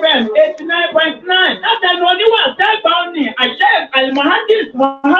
fm eighty nine point nine látẹnu oníwà tẹ́gbà òní àṣẹ àlùmọ́hádìs mọ́há.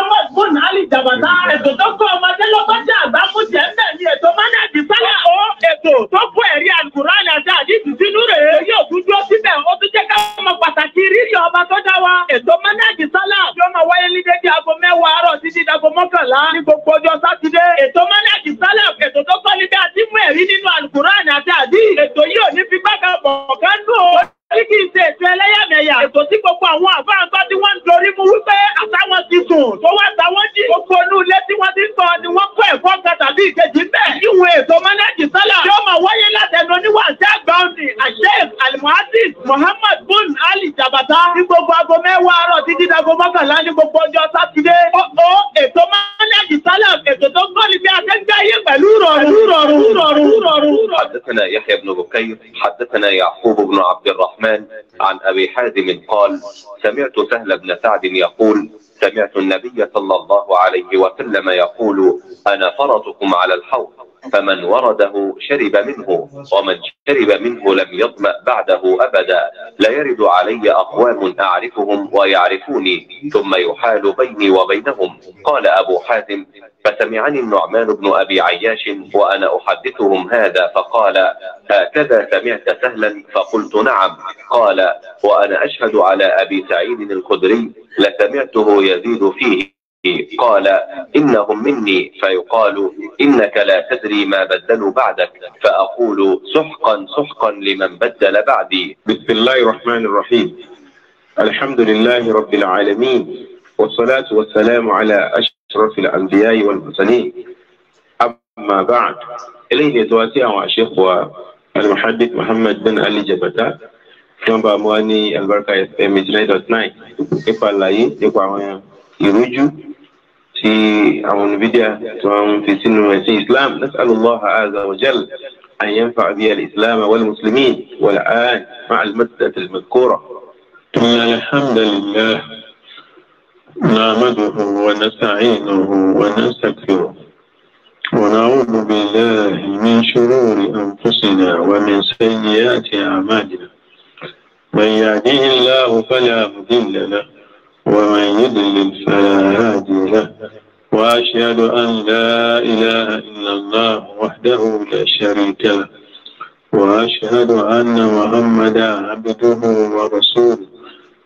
سمعت سهل بن سعد يقول سمعت النبي صلى الله عليه وسلم يقول أنا فرطكم على الحوض فمن ورده شرب منه ومن شرب منه لم يظمأ بعده أبدا لا يرد علي أقوام أعرفهم ويعرفوني ثم يحال بيني وبينهم قال أبو حاتم عن النعمان بن أبي عياش وأنا أحدثهم هذا فقال هكذا سمعت سهلا فقلت نعم قال وأنا أشهد على أبي سعيد الخدري لسمعته يزيد فيه قال إنهم مني فيقال إنك لا تدري ما بدلوا بعدك فأقول سحقا سحقا لمن بدل بعدي بسم الله الرحمن الرحيم الحمد لله رب العالمين والصلاة والسلام على اشرف أشرف الأنبياء والمرسلين أما بعد إليه نتواتي أو الشيخ المحدث محمد بن علي جبتا wọ́n bá mú wa ní albarka fm eighty nine dot nine nípa àlàyé nípa àwọn ìrújú tí àwọn oníbídíà tí wọ́n ń fi sínú ẹ̀sìn islam nasalullah azza wa jal an yanfa bi al-islam wal muslimin wal an ma'a al-maddat al-madkura. alhamdulillah. نعمده ونستعينه ونستغفره ونعوذ بالله من شرور أنفسنا ومن سيئات أعمالنا من يهديه الله فلا مضل له ومن يضلل فلا هادي له وأشهد أن لا إله إلا الله وحده لا شريك له وأشهد أن محمدا عبده ورسوله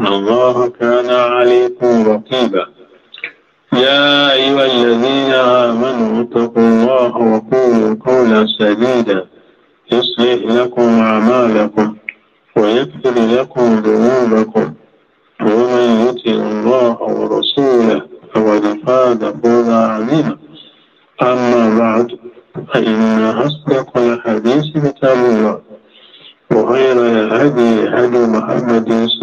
إن الله كان عليكم رقيبا يا أيها الذين آمنوا اتقوا الله وقولوا قولا سديدا يصلح لكم أعمالكم ويغفر لكم ذنوبكم ومن يطع الله ورسوله فقد فاز فوزا عظيما أما بعد فإن أصدق الحديث كتاب الله وغير الهدي هدي محمد صلى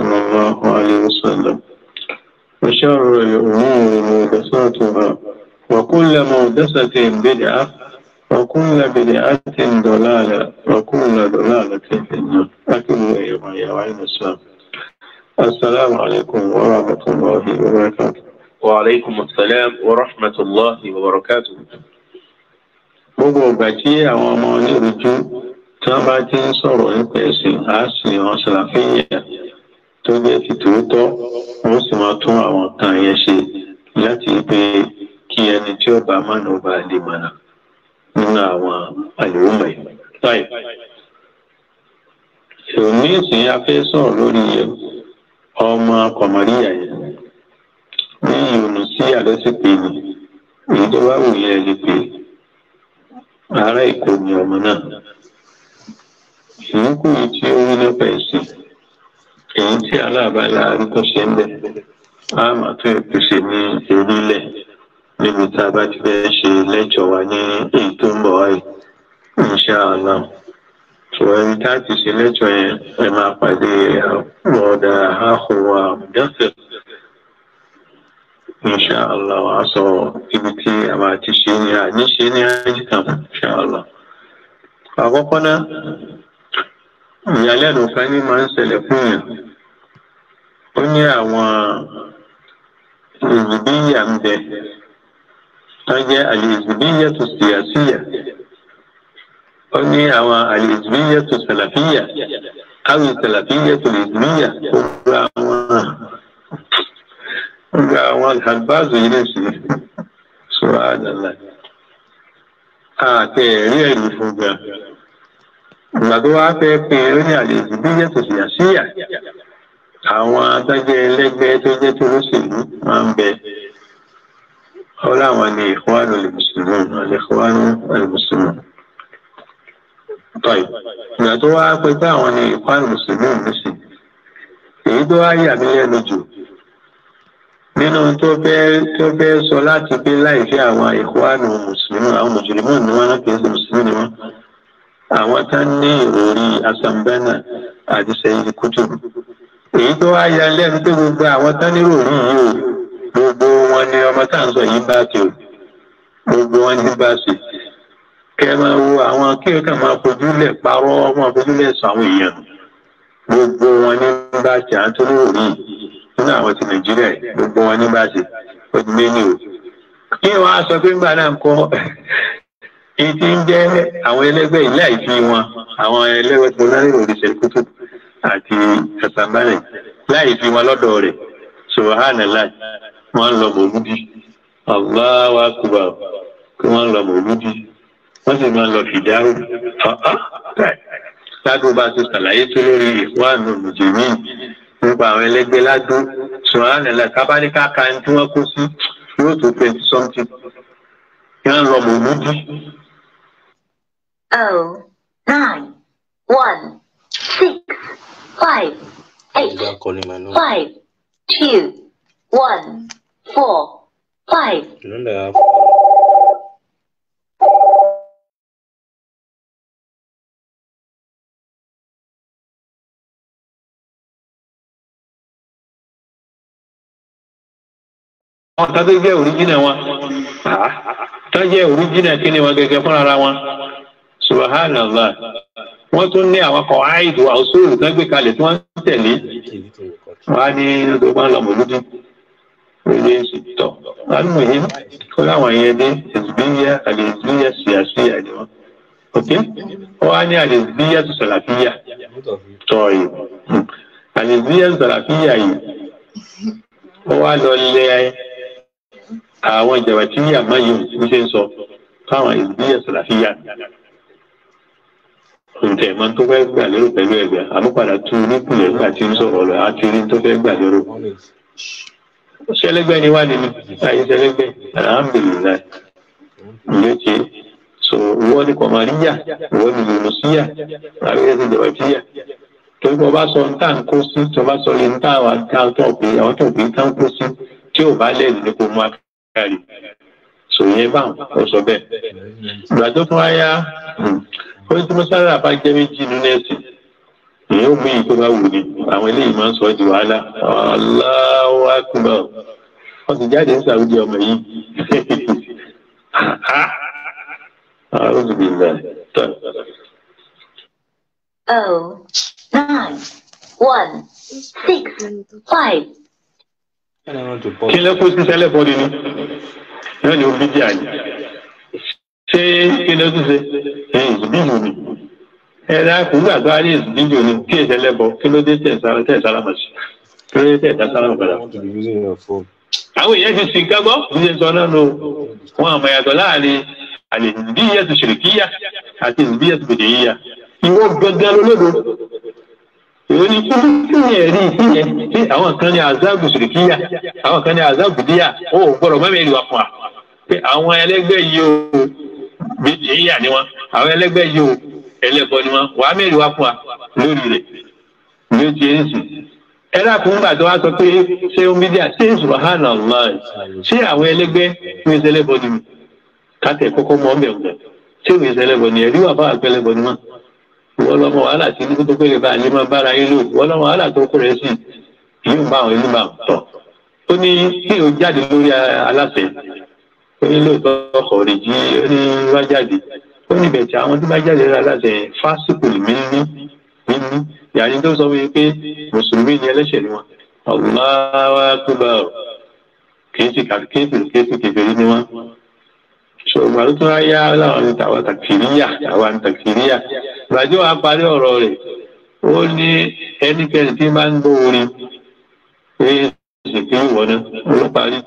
وشر الأمور محدثاتها وكل محدثة بدعة وكل بدعة ضلالة وكل ضلالة في النار أكل إيمان وعين السلام السلام عليكم ورحمة الله وبركاته وعليكم السلام ورحمة الله وبركاته gbogbo ìgbà tí àwọn ọmọ onírúurú tí wọn bá ti ń sọ̀rọ̀ nípa ẹ̀sìn àá sì wọn won tó jẹ́ ti tòótọ́ wọ́n sì máa tún àwọn kan yẹn ṣe láti pé kí ẹni tí ó bá mọ̀nà ó bá lè mọ̀nà nínú àwọn àlùmọ̀ yìí. táì òní ìsìn afẹ́ sọ̀rọ̀ lórí ọmọ kọ̀mọ́ríyà yẹn ní ìrònú sí àlọ́sípè ni èyí tó bá wù yẹn lè pè ará èkó ni ọmọ náà ìyókù yìí tí ó wí nípa ẹ̀sìn èyí tí aláàbálá tó ṣe ń bẹ̀ á máa tún ètò ṣe ní orílẹ̀ níbi tá a bá ti fẹ́ ṣe lẹ́jọ́ wa ní èyí tó ń bọ̀ wáyé insha Allah ṣùgbọ́n ibi tá a ti ṣe lẹ́jọ́ yẹn ẹ máa pàdé ọ̀dà àhùwà àmúdásẹ̀ insha Allah wàá sọ ibi tí a máa ti ṣe ní àníṣe ní àyíká insha Allah àkọ́kọ́ náà ìyàlẹ́nu kan ní máa ń ṣẹlẹ̀ fún yàn ó ní àwọn ìzìbíyà ń bẹ wọ́n jẹ́ àlìzìbíyà tó sìyàsíyà ó ní àwọn àlìzìbíyà tó sàlàfíyà àwọn sàlàfíyà tó lìzìbíyà ó gba àwọn ó gba àwọn àlùbáàzù yìí lẹ́sì sọ́ra àdàlà àti ẹ̀rí ẹ̀rí fún gan ìgbà tó wá fẹ́ pin ó ní àlìzìbíyà tó sìyàsíyà àwọn atọ́jẹ́ ẹlẹ́gbẹ́ tó jẹ́ tolóṣèlú máa ń bẹ ọlá àwọn ni ìkọ́wánú lèmùsùlùmù àlẹ́kọ́wánú lèmùsùlùmù. tọ́yì ìgbà tó wá pé pé àwọn ni ìkọ́wánú mùsùlùmù nìsí èyí tó wá yà mí lẹ́nu jù nínú tó bẹ́ẹ̀ tó bẹ́ẹ̀ sọ láti pé láìsí àwọn ìkọ́wánú mùsùlùmù àwọn mùsùlùmù ni wọ́n náà kìí mùsùlùmù ni wọ́n àwọn tán ní ìròrí asambẹ́nà àti sẹ́yìn èyí tó wá ya lẹ́nu pé gbogbo àwọn tán nírò òun yìí o gbogbo wọn ni ọmọ tá à ń sọ yìí bá ti o gbogbo wọn ni bá ṣe kẹ máa wo àwọn kéèkà máa fojú lẹ̀ parọ́ máa fojú lẹ̀ sọ àwọn èèyàn gbogbo wọn ni bá ṣe à ń tó nírò nínú àwọn ti nàìjíríà gbogbo wọn ní bá ti lé ní o kí wọn á sọ pé ńgbà náà kọ èyí tí ń jẹ àwọn ẹlẹgbẹ́ ilé àìfi wọn àwọn ẹlẹgbẹ́ tó lárẹ òrìṣẹ kútùkù àti sàtàmẹ́rì láì fi wọn lọ́dọ̀ rẹ̀ subhanallah wọ́n lọ mòlúdì Allahu akbar kí wọ́n lọ mòlúdì wọ́n sì máa lọ fìdáwò ládùn bá ti sàlàyé tó lórí ìwáàánú mùsùlùmí nípa àwọn ẹlẹgbẹ́ ládùn subhanallah kábàlíkà kan tí wọ́n kó sí yóò tó twenty something kí wọ́n lọ mòlúdì. Oh, nine, one five, eight, five, two, one, four, five. wọn tó tó jẹ òríjìnà wọn tó jẹ òríjìnà kí ni wọn gẹ́gẹ́ fúnra wọn subahana allah wọ́n tún ní àwọn kan áìdù àwòsóòrù tó gbé kalẹ̀ tí wọ́n ń tẹ̀lé wọ́n á ní gbogbo àwọn ọmọdé òye tọ̀ lánàá yìí kó láwọn yẹn ní ẹ̀sìbíyà àlẹ́sìbíyà síyàsíyà ni wọ́n ok wọ́n á ní àlẹ́sìbíyà tó sàlàfíyà tọ̀ yìí àlẹ́sìbíyà tó sàlàfíyà yìí wọ́n wá lọ lẹ àwọn ìjàmbá tí yàmá yìí ń ṣe ń sọ fáwọn àlẹ́sìbíyà sàlàfíyà ǹjẹ́ ìmọ̀ tó fẹ́ gbà lérò pẹ̀lú ẹ̀gbẹ́ àmúpadà tún nípìnlẹ̀ nígbà tí ń sọ̀rọ̀ rẹ̀ á ti rí tó fẹ́ gbà lérò. sẹlẹgbẹ ni wà nínú àyè sẹlẹgbẹ alhamdulilayi ǹjẹ́ ti so wọ́n ní kọ̀mọ̀ríyà wọ́n ní yunusíyà àwọn ẹ̀sìn jẹ̀bẹ̀tíyà torí bọ́ bá sọ ntá ń kó sí tó bá sọ lè ntá àwọn tó pé àwọn tó pé ntá ń kó sí tí ò bá lẹ́nu ní kó mú akárì sòyìn báwọn ó sọ bẹ́ẹ̀ ìgbà fún wa wọ́n tí mọ́ṣáláà bá jẹ́ méjì nínú ẹ̀sìn èyí ó mú ìyí tó bá wù ní àwọn eléyìí máa ń sọ ọ́ di wàhálà Allahu akbar wọ́n ti jáde ń sàwùjẹ́ ọmọ yìí أعوذ بالله طيب Oh, nine, one, six, five. kí ló kó sí sẹ́lẹ̀ bọ́ọ̀lù ni náà ni ó bí díà ni ṣé kí ló tún ṣe ẹ ìdílù ni ẹ dákun nígbà tó ayé ìdílù ni kí èsì ẹlẹ́bọ kí ló dé tẹ̀sára tẹ̀sára mọ̀ sí kí ló dé tẹ̀sára mọ̀ padà. àwọn èèyàn ti sìn kágbọ́ ìdílé sọ náà nù wọn àmọ̀ yàtọ̀ láàrin àlè ìdíyẹ tó ṣèlékíyà àti ìdíyẹ tó bèdèyíyà ìwọ gangan lólódo èyí ni kí kí ni ẹ̀rí ìpínyẹ tí àwọn kan ní azabu sìrìkíyà àwọn kan ní azabu díyà ó gbọ́dọ̀ mọ́mẹ́rin wà fún wa pé àwọn ẹlẹ́gbẹ́ yìí o bíyà ni wọn àwọn ẹlẹgbẹ́ yìí o ẹlẹ́bọ ni wọn wàá mẹ́rin wá fún wa lórí rẹ̀ ló ti ń sùn ẹlẹ́kùn gbà tó wá sọ pé ṣé ó ń bí díà ṣé subahana allah ṣé àwọn ẹlẹgbẹ́ ní ìṣẹlẹbọ ni mi kátẹ kókó mọ ọmọ ẹgbẹ́ ṣé òun ìṣẹlẹbọ ni ẹrí wà fún àgbẹlẹbọ ni wọn wọn lọmọ wàhálà tí nígbà tó péré bá àlè máa bára yín lò wọn lọmọ wàhálà tó kúrẹ sí yóò bá àwọn ìlú bá ní kí o jáde lórí aláṣẹ torí lóòótọ́ ọkọ̀ rè jí rí wá jáde ó níbẹ̀ tí àwọn tó bá jáde rà láti fásitì mi ní nínú yàrá tó sọ wípé mùsùlùmí ni ẹlẹ́ṣẹ̀ ni wọn ọ̀gbọ́n wa tó bá ọ kéésì kéésì kéésì kékeré ni wọn ṣùgbọ́n àti tó yá láwọn ní tàwa tàkìríyà tàwa ní tàkìríyà ìbàjẹ́ wa parí ọ̀rọ̀ rẹ̀ ó ní ẹnikẹ́ni tí máa ń gbọ́ orin pé ṣèké ìwọ náà ló parí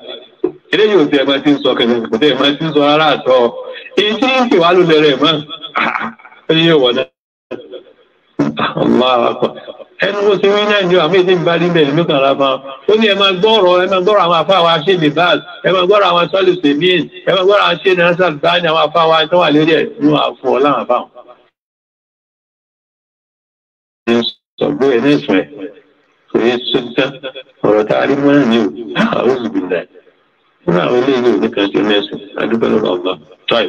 eléyìí ò tẹ ẹ máa ti ń sọ kẹmẹ kò tẹ ẹ máa ti ń sọ rárá àtọ èyí tí ń pè wá ló lẹrẹ mọ ẹyẹ wọ náà ẹnu bó ti wí nàìjíríà mí ti ń bá níbẹ̀ ìlú kan lápá ó ní ẹ máa gbọ́rọ̀ ẹ máa gbọ́rọ̀ àwọn afáwa ṣe lè bá ẹ máa gbọ́rọ̀ àwọn sọ́ọ̀lù sèmíìn ẹ máa gbọ́rọ̀ àwọn ṣe náà sàlùbá ní àwọn afáwa tó wà lórí ẹ̀ ní àfọ̀ láwọn afáwọn. sọ̀gbọ́ ẹ̀ ní ìsìn ẹ̀ kò yẹ sọ́jà ọ̀rọ̀ tá a rí mọ́nà ní o àwọn olùgbìndà fúnra àwọn ilé ìlú nìkan ṣe mẹ́sìn adúgbò lọ́dọ̀ ọ̀gbà tọ́ì.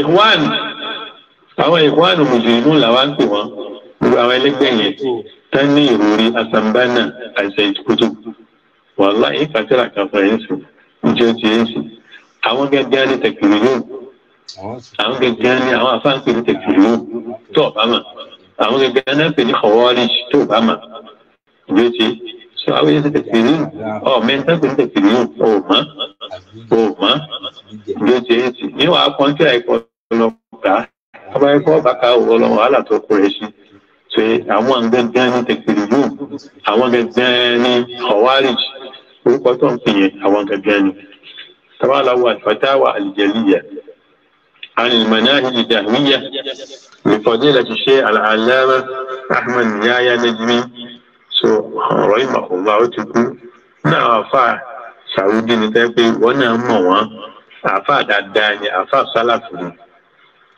ìwáàni àwọn ìwáàni mùsùlùmí làwa ń pè wọ́n gbogbo àwọn ẹlẹ́gbẹ́ yẹn tán ní ìròrí asambana àìsàn ìtukùtù wàhálà ìfàtẹ́rà kàfà yẹn sùn níjẹ́ ti yẹn sùn àwọn gẹ́gẹ́ ní tẹ̀kìrì yóò àwọn gẹ́gẹ́ ní àwọn afáǹpẹ̀ ní tẹ̀kìrì yóò tó ọ̀bá mà àwọn gẹ́gẹ́ náà pè ní kọ̀wọ́ọ́lì tó ọ̀bá mà ìgbésí tí wàá wíyẹn tètè kiri ọ mẹ́ta tó ń tètè kiri o mọ o mọ ló ṣe é sí ní wàá kàn tí àìkọ lọ gbà ọba ẹkọ bàkà owó lọ wàhálà tó kúrẹ sí ṣe àwọn gẹ́gẹ́ ní tèkiri yóò àwọn gẹ́gẹ́ ní ọwárìj orúkọ tó ń pè yẹn àwọn gẹ́gẹ́ ní tabaláwo àtúwátáwà àlìjẹlíyà عن المناهج الجهمية بفضيلة الشيخ العلامة أحمد يايا نجمي so ọrọ ìmọ̀kànlá ó ti kú náà àfa sàrúdí ni tẹ́ pé wọn náà mọ̀ wọ́n àfa dáadáa ni àfa sálàfù ni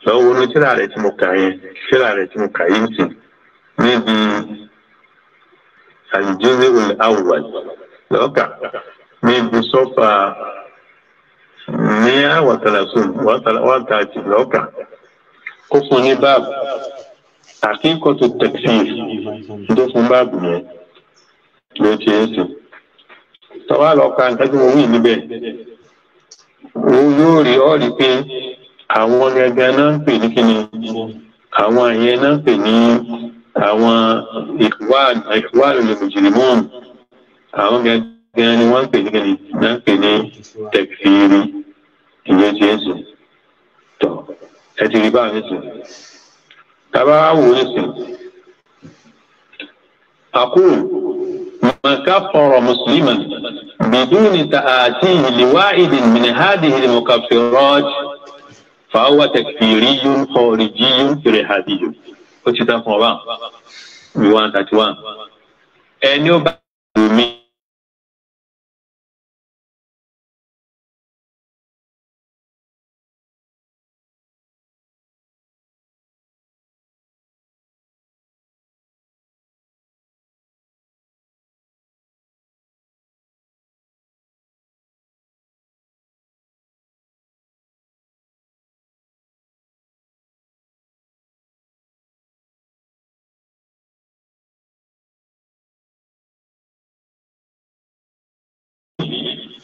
lọ́wọ́ ní tíra rẹ̀ ti mo kà yẹn tíra rẹ̀ tí mo kà yín sí níbi àjẹjẹrẹ olè awùwàl lọ́kà níbi sọ́fà ní àwàtàlà sùn wàtàlà lọ́kà kókó ní báàbù. àkínkòtò tẹ̀síf tó fún báàbù yẹn ló ti ń sìn tọ́wá lọ ka nǹkan tí mo wí níbẹ̀ òun yóò rí ọ́ rí pé àwọn gẹ́gẹ́ náà ń pè ní kíni pe àyẹn náà ń pè ní àwọn ìwádìí lèmùjìrìmọ́ọ̀n àwọn ni kini. ń pè ní kíni náà ń pè ti ń sìn tọ́ ẹ ti rí báà tàbá wò ó sìn àkóò màkà fọ̀rọ̀ mùsùlùmí bìdúni tààtì ìlúwà ìdí mìnìhádì ìlúmọ̀kàfẹ́rọ́jì fàáwà tẹkfìríyún kọ̀ọ̀rìjíyún ìrẹ̀hàdìyún ó ti tán fún ọba one thirty one ẹni ó bá wù mí.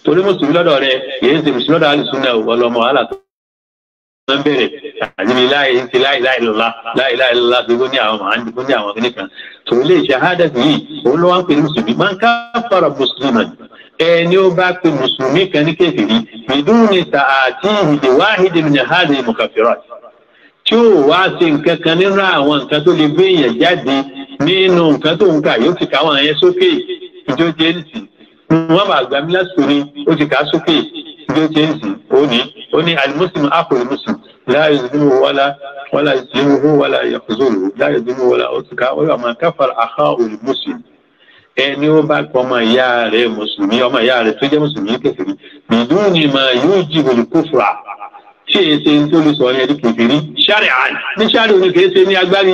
torí mùsùlùmí lọ́dọ̀ rẹ kìí ṣe mùsùlùmí lọ́dọ̀ alùsùnà ọlọmọ wàhálà tó ń bẹ̀rẹ̀ àdìmí láì ṣe láì láì lọ́la láì láì lọ́la tó ní àwọn màáńdì tó ní àwọn kìnnì kan torí lè ṣe àádẹ́sì yìí òun ló wá ń pè mùsùlùmí máa ń ká fara mùsùlùmí ẹni ó bá pe mùsùlùmí kan ní kékeré bìdún ni tààtì ìdè wáhídì ní àhádì mùkàfíràt tí ó wá ṣe nǹkan kan nínú àwọn nǹkan tó lè gbé èèyàn jáde nínú nǹkan tó ń kà yóò fi káwọn yẹn sókè ìjọ jẹ́ǹsì wọn bá gbà mí lásìkò ó ti kà á sókè bí ó ti ń sìn ó ní ó ní alimusin akọni musin láàyè ìdúró wọlá wọlá ìdúró wọlá ìyàkùzọlù láàyè ìdúró wọlá ó ti kà ó yọ ọmọ káfàrà àhá òní musin ẹni ó bá kọ ọmọ ìyá rẹ mùsùlùmí ọmọ ìyá rẹ tó jẹ mùsùlùmí kẹfìrí bìdún ni mà yóò jí wòlé kófura ṣé èyí e ṣe ń tó lè sọ ọ yẹn ní kẹfìrí ṣáàrì àn ní ṣáàrì òní kèé ṣe ní agbárí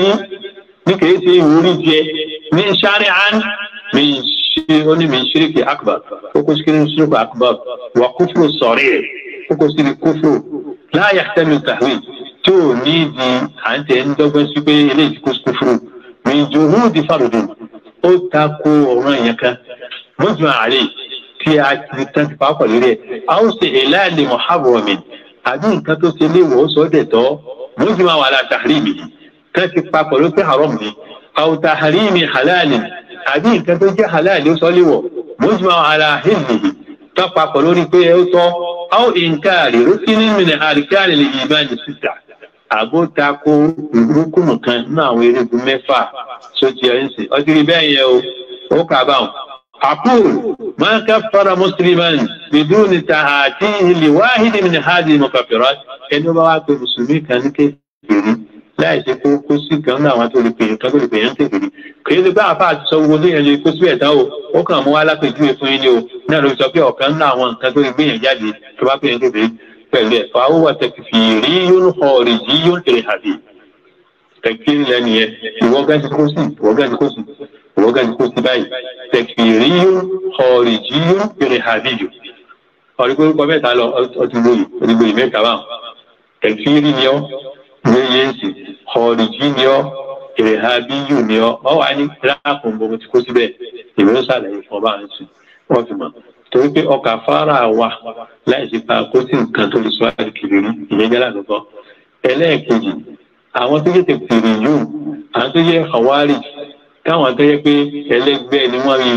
ní kèé ṣe ìwúrí jẹ ní ṣáàrì àn min oni min shiriki akbar koko sikini shiriki akbar wa kufru sọri koko sikini kufru la yaxtami tahwil tí o ní di à ń tẹ ń dọ́gbọ́n sí pé eléyìí kó kufru min juhudi farudin ó ta ko ọ̀ràn yẹn kan mọ́tò àárẹ̀ tí a ti tán ti pàápàá lórí ẹ̀ a ó ṣe ìlàlẹ̀ muharramin àbí nǹkan tó ṣe léwọ̀ ó sọ ọ́ dẹ̀ tọ́ mọ́tò àwọn aláṣà rí mi kán ti pàápàá ló pé haram ni àwòtà rí mi halal ni àbí nǹkan tó jẹ́ halal ló sọ léwọ̀ mujma ala hizbihi tó papọ̀ lórí pé ẹ tọ́ aw inkari rukinin min arkani lè yìí máa ní síta àbótakò rúkùnù kan náà àwọn erigun mẹ́fà sóti ẹ̀ ń sè ọtí rí bẹ́ẹ̀ yẹ o ó kà báwọn. أقول ما كفر مسلما بدون تعاتيه لواحد من هذه المكفرات إنه بواقع مسلمين كان كفر láì ṣe kó kó sí kan ní àwọn tó lè pè kan tó lè pè yẹn ń tèbèrè kì í ṣe bá àfa àti sọ wo ló yẹn lè kó síbẹ̀ dá o ó kàn mú alápèjúwe fún yín ni o náà ló sọ pé ọ̀kan ní àwọn nǹkan tó lè gbé yẹn jáde tó bá pè yẹn tèbèrè pẹ̀lú ẹ̀fọ́ àwọn wà tẹ̀kìfì rí yóò kọ rè yí yóò tẹ̀lé àbí tẹ̀kìfì yẹn ìwọ gàdí kó sí ìwọ gàdí kó sí ìwọ gàdí kó sí báyìí tẹ̀kìfì rí yóò méjèèjì ọ̀rìjì ni ọ́ èrèhà bíyù ni ọ́ wọ́n wà ní ráàpù gbogbo tí kò síbẹ̀ ìwé ń ṣàlàyé fún ọba àrùn sí wọ́n fi mọ̀ torí pé ọkà fara wà láì sí pa kó sí nǹkan tó lè sọ àdìkiri rí ìyẹn jẹ́ lákòókò ẹlẹ́ẹ̀kejì àwọn tó yẹ tètèrè yóò àwọn tó yẹ àwárí káwọn tó yẹ pé ẹlẹ́gbẹ́ ni wọ́n rí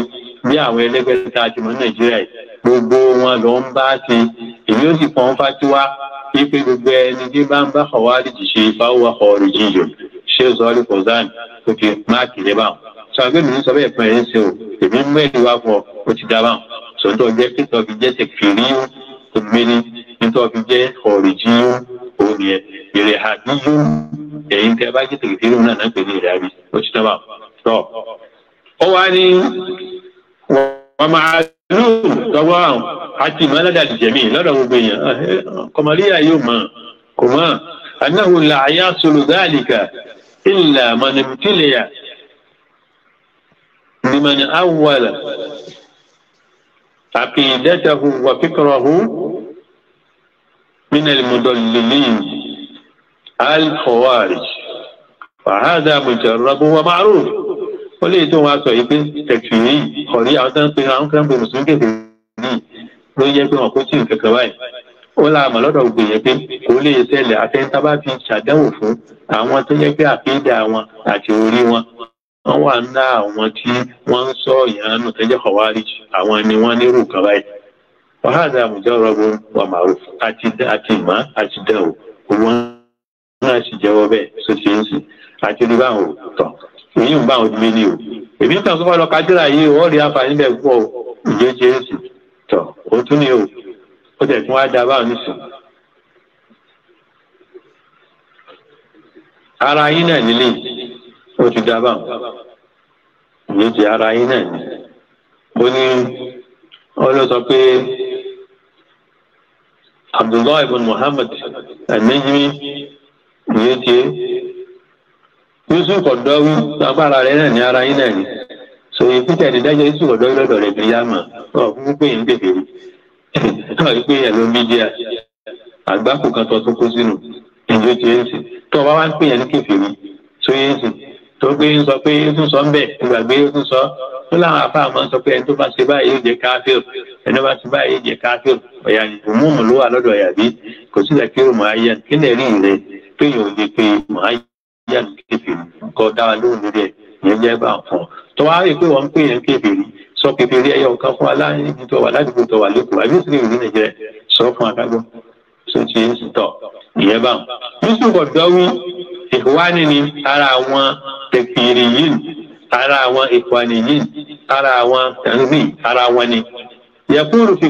bí àwọn ẹlẹ́gbẹ́ tá a ti mọ̀ ní nàìjíríà gbogbo wọn lọ ń bá ṣe èyí ó sì fọ́n fásiwá wípé gbogbo ẹni tí bá ń bá kọ̀wárìjì ṣe fáwọn kọ̀ọ̀rìjì yò ṣé sọ́ọ́lì kọ̀ọ̀sán tó fi máàkì yẹn báwọn sọ àgbẹ̀ mi ń sọ bẹ́ẹ̀ fún ẹ̀ ń ṣe o èmi mú ẹ̀rí wá fún ọ ó ti dá báwọn sọ̀tọ̀ jẹ́ kí tọ́ fi jẹ́ tẹ̀kìrìyó omeni nítorí fi jẹ́ ọ̀rìjì òun yẹn ìrẹ̀ àdúgbò ẹ̀yìn tí bá jẹ́ tẹ̀kìtìrì ọmọ àlùm lọ́wọ́ àwọn àti ìmọ̀lẹ́dà jẹ̀mí lọ́dọ̀ gbogbo èèyàn ah, eh, kọmọlẹ́yà yóò mọ̀ kò mọ̀ anáhùn làáyà sọlọ dáàlìkà ìlà mọ̀nàmìtìlẹ̀yà لمن أول عقيدته وفكره من المضللين الخوارج وهذا مجرب ومعروف ó lè tó wọn sọ yìí pé tẹkìrì ọ̀rí àwọn tó ń pe àwọn kan ń pe mùsùlùmí kèfèrí yìí ló yẹ pé wọn kó tí nǹkan kan báyìí ó láàmú lọ́dọ̀ gbè yẹn pé kò lè ṣẹlẹ̀ àtẹnitá bá fi ṣàdánwò fún àwọn tó yẹ pé àkéde àwọn àti orí wọn wọn wà ń dá àwọn tí wọn ń sọ ìyanu tẹjẹ kọwárí àwọn ni wọn nírú kan báyìí wàhálà àmùjọ rọgbọn wà màrú àti àti àti dẹ òun náà sì jẹ́wọ́ bẹ́ẹ̀ sọsíyẹnsì àti oníbàwò tán èyí ń bá àwọn ìdílé ní o èmi kàn sọ́kọ́ lọ kájúra yìí wọ́n rí àǹfààní bẹ́ẹ̀ pọ̀ ìjẹ́ ṣe tọ̀ ó tún ní o ó tẹ̀ tún wá da báwọn nísìn. ara yín náà nílé ó ti da báwọn ìyẹn ti ara yín náà ní. ó ní wọ́n ló sọ pé Abdullahi ibn Muhammad ẹ̀mí ìyẹn ti yusuf kọdọwú agbára rẹ náà ní ara yín náà ni sòye peter ní dájọ yusuf kọdọwú lọ́dọ̀ rẹ bíi yàmà ọ fún pé yín bèbè rí ọ yìí pé yẹn ló ń bí díà àgbákò kan tó tó kó sínú ìjọ tí yẹn sì tó o bá wá ń pè yẹn ní kèfèrí sóyè sì tó gbé ń sọ pé yusuf sọ ń bẹ ìgbàgbé yusuf sọ tó láwọn afá àmọ́ sọ pé ẹni tó bá ṣe báyìí yóò jẹ káfíò ẹni tó bá ṣe báyìí yóò jẹ káfíò ọ̀yà ìmúùmù ló wà lọ́dọ̀ ọ̀yà bí kò sí ìdàkírò mọ̀ ayé kí lè rí ìrẹ pé yóò lè pe mọ̀ ayé yẹ kébèrè nǹkan dára lóhùn yẹn yẹ bá fún tó wá rí i pé wọn ń pè yẹn kébèrè sọ kébèrè ẹyọ kan fún aláìní tó wà ládùúgbò tó wà lẹkọọ àbí sí ìlú nàìjíríà sọ fún akágbọn tó ti ń sùtọ ìyẹn bá wọn. yusuf ọ̀dọ́wí ìwání ni ara àwọn tẹ̀kìrì yìí ara àwọn ìfọ̀nì yìí ara àwọn tẹ̀sí ara wọn ni yẹ kúrò fi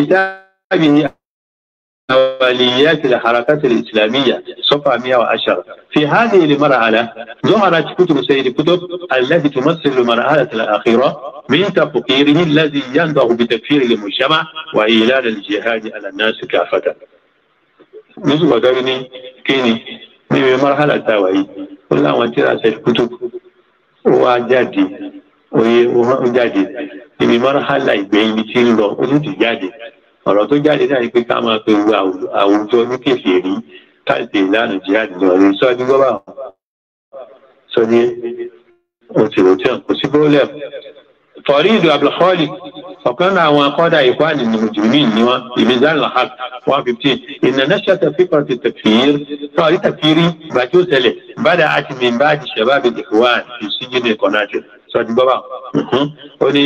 ìdáàbì الأوليات للحركات الإسلامية صفحة 110 في هذه المرحلة ظهرت كتب سيد كتب التي تمثل المرحلة الأخيرة من تفكيره الذي ينبغ بتكفير المجتمع وإيلال الجهاد على الناس كافة نزوة قرني كيني من المرحلة التاوية ولا وانترى سيد كتب وجادي وجادي في مرحلة بين تيلو وجادي ọ̀rọ̀ tó jáde náà ni pé ká máa pe wu àwùjọ ní kèfèrí káàdì ìlànà jihad ní ọ̀rẹ́ sọ ní gbọ́bà sọ ní òtìrọ̀tìrọ̀ kò sí bólẹ̀ Farid Abdulkhali ọ̀kan náà àwọn akọ́dà ìkwáàdì ní mùsùlùmí ni wọn ìmìzán lahab one fifteen ìnà náṣà tàfíkà ti tàfíìr sọ̀rí tàfíìrí bàjọ́ tẹ̀lẹ̀ bàdà àti mìmbàjì shabab ìdìkúwà ìsíjì ní kọ́nájọ́ sọ́jú bọ́bá mhm. ó ní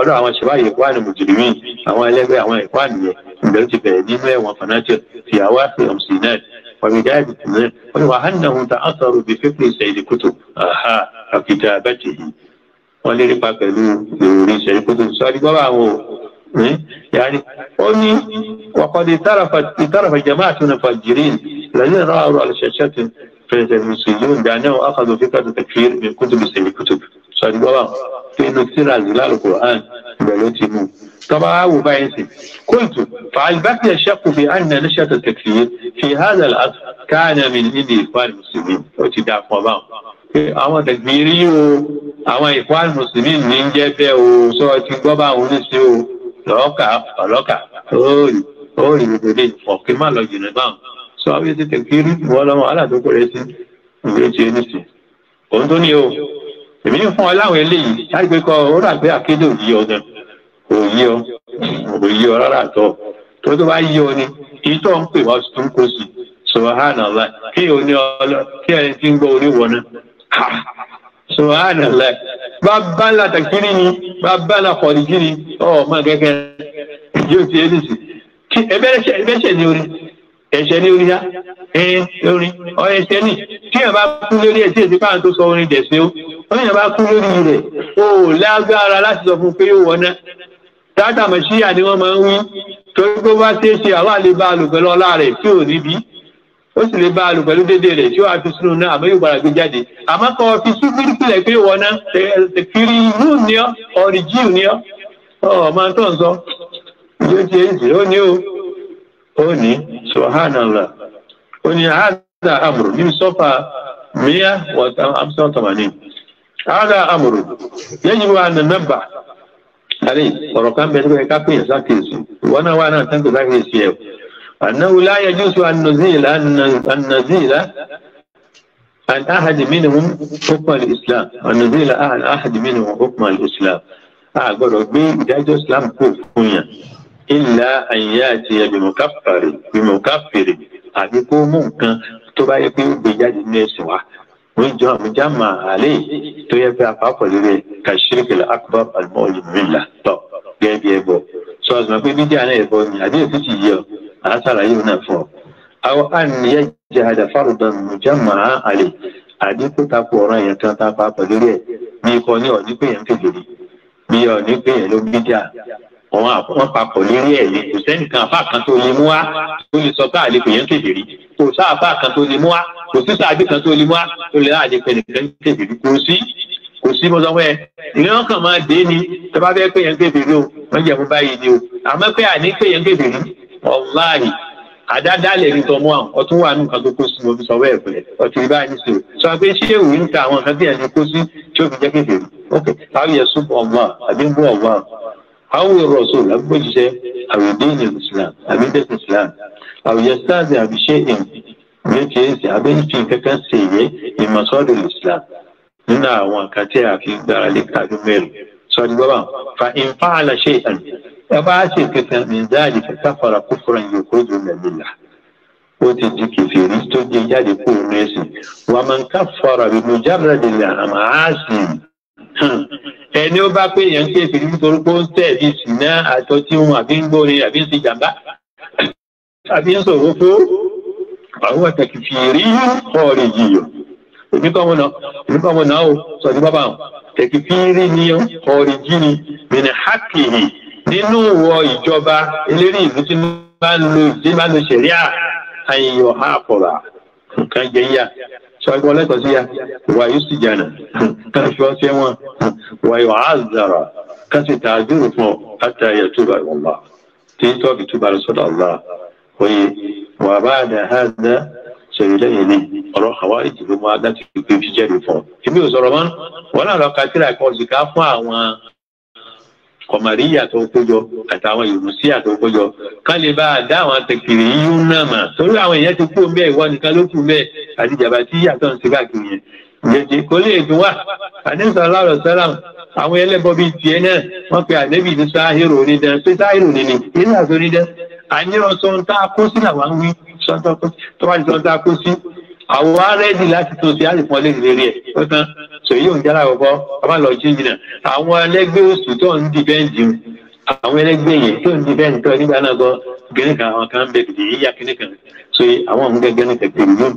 ọ̀rọ̀ àwọn ṣèwádìí ìkwáàní mùsùlùmí àwọn ẹlẹ́gbẹ́ àwọn ìkwáàní yẹn ìbẹ̀rù ti bẹ̀rẹ̀ nínú ẹ̀wọ̀n fanatil fìyàwó àti ọ̀mùsìnẹ́ẹ̀ وبداية التنظيم وأنهم تأثروا بفكر سيد كتب أها وكتابته wọ́n lérí pa pẹ̀lú ìròrí ìṣẹ̀lẹ̀ kó tó sọ́ọ́rí gbọ́ àwọn hmm? yàrá ó ní وقد اعترف اعترف جماعة المفجرين رأوا الشاشات فإذا المسلمين بأنه أخذوا فكرة التكفير من كتب الكتب صدقوا فإنه كثير ظلال القرآن بلوتهم طبعا أبو بعيسي قلت فعل بقي في أن نشأة التكفير في هذا العصر كان من عند إخوان المسلمين وتدع فضام àwọn tẹ̀gbìrì o àwọn ìfọ́n mùsùlùmí ní ń jẹ́ bẹ́ẹ̀ o sọ ti gbọ́ bá àwọn oníṣẹ́ o sọ́wọ́ ti tẹ̀ kiri wọ́n lọ́mọ aládùúgbò rẹ sí ìwé ti ẹni sí. òun tó ní o èmi ń fún ọ láwọn eléyìí láti pé kọ ó rà pé akéde òyì ọ náà òyì ọ òyì ọ rárá tọ tó tó bá yí ọ ni ìtọ́ ń pè wọ́n tún kó sí subhanallah kí oní ọlọ kí ẹni tí ń gbọ́ oníwọ̀n náà subhanallah bàbá ńlá tẹ̀kiri ni bàbá ńlá kọ̀ọ̀dì kiri ọ̀ ọ̀ máa kẹ́kẹ́ yóò ti ẹni sí ẹbẹ́rẹ́ ṣẹ̀ ní orí ẹ̀ṣẹ̀ ní oríyá ẹ̀ẹ́n orin ọ̀rọ̀ ẹ̀ṣẹ̀ ní tí èèyàn bá kú lórí ẹ̀ tí èsì fáwọn tó sọ orin dẹ̀sẹ̀ ó wọ́n èèyàn bá kú lórí rẹ̀ ó lágbára láti sọ fún pé yóò wọ́ná dáadáa àmọ̀síyà ni wọ́n máa ń wí torí pé ó bá ṣeé ṣe àwa lè bá a lò pẹ̀lú ọlá rẹ̀ tí ò níbi ó sì lè bá a lò pẹ̀lú dédé rẹ̀ tí ó wàá fi sínú náà àmọ́ yóò gbára gbé jáde àmọ́ kọ́ fi sí pírípìlẹ̀ pé wọ́n ná kiri inú ni ọ́ ọ̀rìjì ni ọ́ ọ̀ máa tó ń sọ yóò ti ẹ̀ ń sè ó ní o ó ní subhanallah ó ní hada amru ní sọ́fà mia wàtà amsan tamanin hada amru yẹ́yìn wa nà nàbà àrí ọ̀rọ̀ kan bẹ̀rẹ̀ pé ká pín ìsákèésì wọn náà wà náà tán kò sákèésì ẹ̀ ànáwó láyé jùsù ànàzíìlà ànàzíìlà عن أحد منهم حكم الإسلام ونزيل عن أحد منهم حكم الإسلام أقول ربي جاجو إسلام كوفيا ìlà àyè àti ẹ̀bìmọ̀káfàrè ìmọ̀káfàrè àbí kó mú nǹkan tó bá yẹ pé ó gbé jáde ní ẹ̀sìn wa wọ́n jọ àmújámà àlẹ́ tó yẹ pé àpapọ̀lẹ́ rẹ̀ kà ṣírìkìlà akbar alimọ́ọ̀lì mìlá tọ̀ gẹ́gẹ́ bí ẹbọ sọ àzùmọ̀ pé bídíà náà ẹbọ ni àbí èkó ti yẹ ọ àásàlà yóò náà fún ọ. àwọn àníyàn jẹ àdàfàrùdàn àmújámà àlẹ́ àbí kó takò ọ̀ràn yẹn kan tá a pa pẹ̀lú rẹ̀ ní ikọ̀ ní pé yẹn ń kékeré ní ọ̀ ní pé yẹn ló bídíà wọn wọn papọ̀ lérí ẹ̀ ni kò sẹ́nìkan àfa kan tó lè mú wa tó lè sọ pé àlepè yẹn ń kébèrè kò sá àfa kan tó lè mú wa kò sí sáà kan tó lè mú wa tó lè àlepè nìkan ń kébèrè kò sí kò sí mo sọ fún ẹ ìlú wọn kàn máa dé ni tó bá fẹ́ pé yẹn ń kébèrè o wọ́n jẹ̀ fún báyìí ni o àmọ́ pé àní pé yẹn ń kébèrè ọ̀láàyè àdádálẹ̀ ní tọmọ àwọn ọtún wà nǹkan tó kó sí mo fi sọ bẹ́ẹ̀ pẹ̀lẹ́ ọtún rí báyìí sí sọ pé ṣé òun ń ta àwọn nǹkan tí yẹn ti kó sí tí ó fi jẹ́ kébèrè ok táwọn yẹn sún ọgbọ́n àbí ń bú ọgbọ́n أو الرسول أبو أو دين الإسلام أو دين الإسلام أو يستهزئ بشيء من جنس أبين في كان سيئ من مصادر الإسلام nínú àwọn nǹkan tí a fi gbára lé kájú mẹ́rin sọ́ni bọ́bá fa ìfá aláṣẹ ìhàn ẹ bá ṣe kankan mìíràn kẹta fara kúfúrà yìí kó ju nàìjíríà ó ti di kìfìrí tó jẹ jáde kó o ní ẹsìn wàá máa ń ká fara bí mo jábẹ̀rẹ̀ dè lè àmà á sì í. hàn ẹni ó bá pé èèyàn ń kéèké nítorí pé ó ń tẹ̀lé ìsìná àjọ tí òun àbí ń gbórin àbí ń ṣe jàmbá àbí ń sọ̀rọ̀ fún àwọn ọ̀tẹ̀kì fi rí ọ̀rẹ́ yìí èmi kọ́ wọn náà èmi kọ́ wọn náà ó sọ ní bábà tẹ̀kì fi rí ni ọ̀rẹ́ yìí ni mìíràn hákìrì nínú ìjọba sọ́kọ́ lẹ́tọ̀ọ́ sí ya wà yóò sì jànà kan fi ọsẹ wọn wà yóò àzàrà kan sì tà àdúrò fún ọ àtà yẹ túbà ìwọ̀nba tí ń tọ́bi túbà lọ sọ́dọ̀ oye wà bá dà ha dà sẹ̀rẹ̀ lẹ́yìn ní ọ̀rọ̀ àwa ìdìbò máa ti pé fi jẹ́rìí fún ọ. èmi ò wọn náà lọ ka tíra ẹ̀kọ́ fún àwọn kọmọríyà tó kójọ àtàwọn ìrùsíà tó kójọ ká lè bá a dá àwọn tẹkìrì yíyún náà mà torí àwọn èèyàn ti kú omi ẹ̀ ìwọ nìkan ló kù mẹ́ẹ̀ àti ìjàmbá tí yàtọ̀ ń ṣe káàkiri yẹn gbèsè kò lè dùn wá àdéhùn aláwọ sálàm àwọn ẹlẹ́bọ bíi tiẹ̀ náà wọ́n pe ànẹ́bì ní sáhírò onídán pé sáhírò ní ni èyí àti onídán àníyàn sọ ń tá a kó sí làwọn wí sọ́ńtà kó sí àwọn arẹ́dì láti tó ti àti pọ́n léṣe lérí ẹ̀ tó tán sòyí òun jára àkọ́kọ́ bàbá lọ jí jìnnà àwọn ẹlẹ́gbẹ́ oṣù tó ń dìbẹ́ǹdì àwọn ẹlẹ́gbẹ́ yẹn tó ń dìbẹ́ǹdì tó nígbà náà gan gẹ́nì kan àwọn kan ń bẹ bìdì yíyá kínní kan sòyí àwọn òun gẹ́gẹ́ ní tẹ̀tẹ̀rì yóò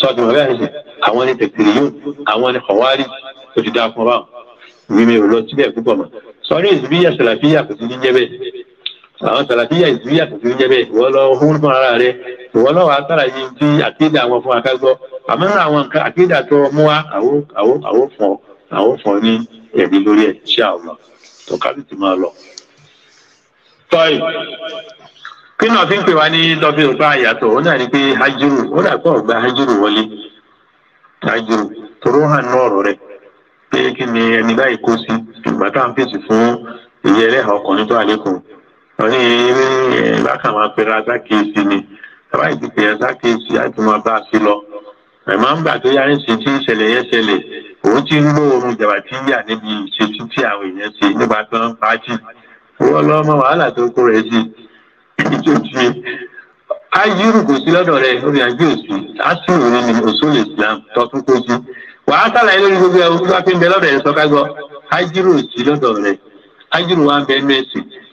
sọ́ọ̀tì mọ̀ bẹ́ẹ̀ ni àwọn ní tẹ̀tẹ̀rì yóò àwọn ní kọ̀wárì tó ti dáa fún wa mi ò lọ síbẹ̀ púpọ̀ mọ́ sọ́ọ́rì ìsibíyà sàlàfíyà kò sí ní jẹ́ bẹ́ẹ̀ àwọn sàlàfíà ìsìlíyà kò sí ń jẹ́ bẹ́ẹ̀ ìwọ lọ fún fún ara rẹ lọ yìí bí àkéde àwọn fún akágbọ́ àmọ́ àwọn nǹkan àkéde àtọ mú wa àwọn fọ àwọn fọ ní ẹ̀mí lórí ẹ̀ ṣé àwọn ti máa lọ. tọ́yì kí náà fi ń pè wá ní lọ́bí àyàtọ̀ ó ní pé hajuru ó dà pọ̀ gba hajuru wọlé hajuru hàn ní ọ̀rọ̀ pé kí ọ̀ní bákan máa pera sákèésí ni bàbá ìdìbò yẹn sákèésí àti máa lọ gbà tó yá ní ṣe tí ìṣẹ̀lẹ̀ yẹn òun ti ń gbó ohun jàbá tí ń yà níbi ìṣesí tí àwọn èèyàn ṣe tó ń wọ́n lọ mọ wàhálà tó rẹ̀ sí tó ti ayírù kò sí lọ́dọ̀ rẹ̀ òsì Islam kó sí sàlàyé lórí gbogbo ẹ̀ fi ń bẹ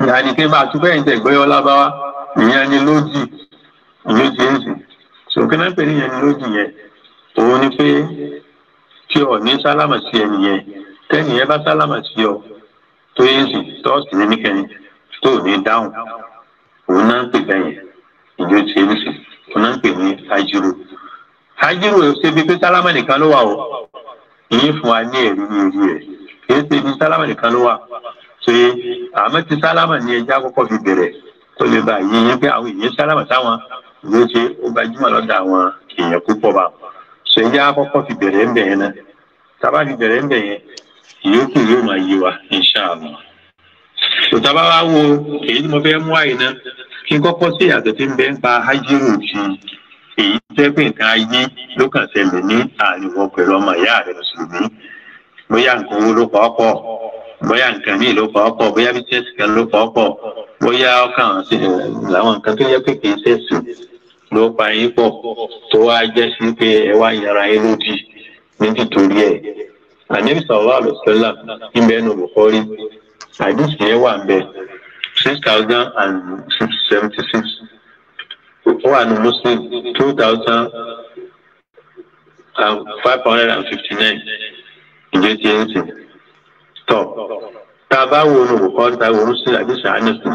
ìyá ni pé bá a tún bẹ́ẹ̀ ń tẹ̀ gbẹ́yọ́ lábáwá ìyẹn ni lójì lójì ń sìn sòkè náà pè ní ìyẹn ni lójì yẹn òun ni pé kí ọ ní sálámà sí ẹni yẹn tẹ́ni yẹn bá sálámà sí ọ tó yé sìn tó sì ní níkẹyìn tó ní dáhùn òun náà ń pè bẹ́yẹn ìjọ ti ń sìn òun náà pè ní ajiro ajiro ṣe bí pé sálámà nìkan ló wà o ìyẹn fún wa ní ẹ̀rí ní orí ẹ̀ kì í ṣe bí sálámà nìkan ló wà. ṣe àmọ́ ti sálámà ní ẹja àkọ́kọ́ fi bẹ̀rẹ̀ tó lè salama pé àwọn sálámà táwọn ló ṣe ó gbajúmọ̀ lọ́dọ̀ àwọn èèyàn púpọ bá ṣe ẹja àkọ́kọ́ fi bẹ̀rẹ̀ ń yẹn náà tábà fi wa wo èyí tí mo fẹ́ mú kí n kọ́kọ́ sí ìyàtọ̀ tí ń ń pa ájírò ti èyí tẹ́ pé nǹkan ayé ló kàn ṣẹlẹ̀ ní bóyá nǹkan míì ló fà ọ́ pọ̀ bóyá bísíǹsì kan ló fà ọ́ pọ̀ bóyá ọkàn làwọn eh, nǹkan tó yẹ pé kì í ṣèṣù ló pa yín pọ̀ tó wá jẹ́ sí pé ẹ wá yàrá yín lódì ní títorí ẹ̀ ànábì sallallahu alaihi níbẹ̀ nù Bukhari àdìsí yẹn wà ń bẹ six thousand and seventy six ó wà ní Muslim two thousand and five hundred and fifty nine ìjẹ́ tiẹ̀ ń sìn tọ tá a bá wo olùkọ́ ta wo ń sin àdìsí àánú sí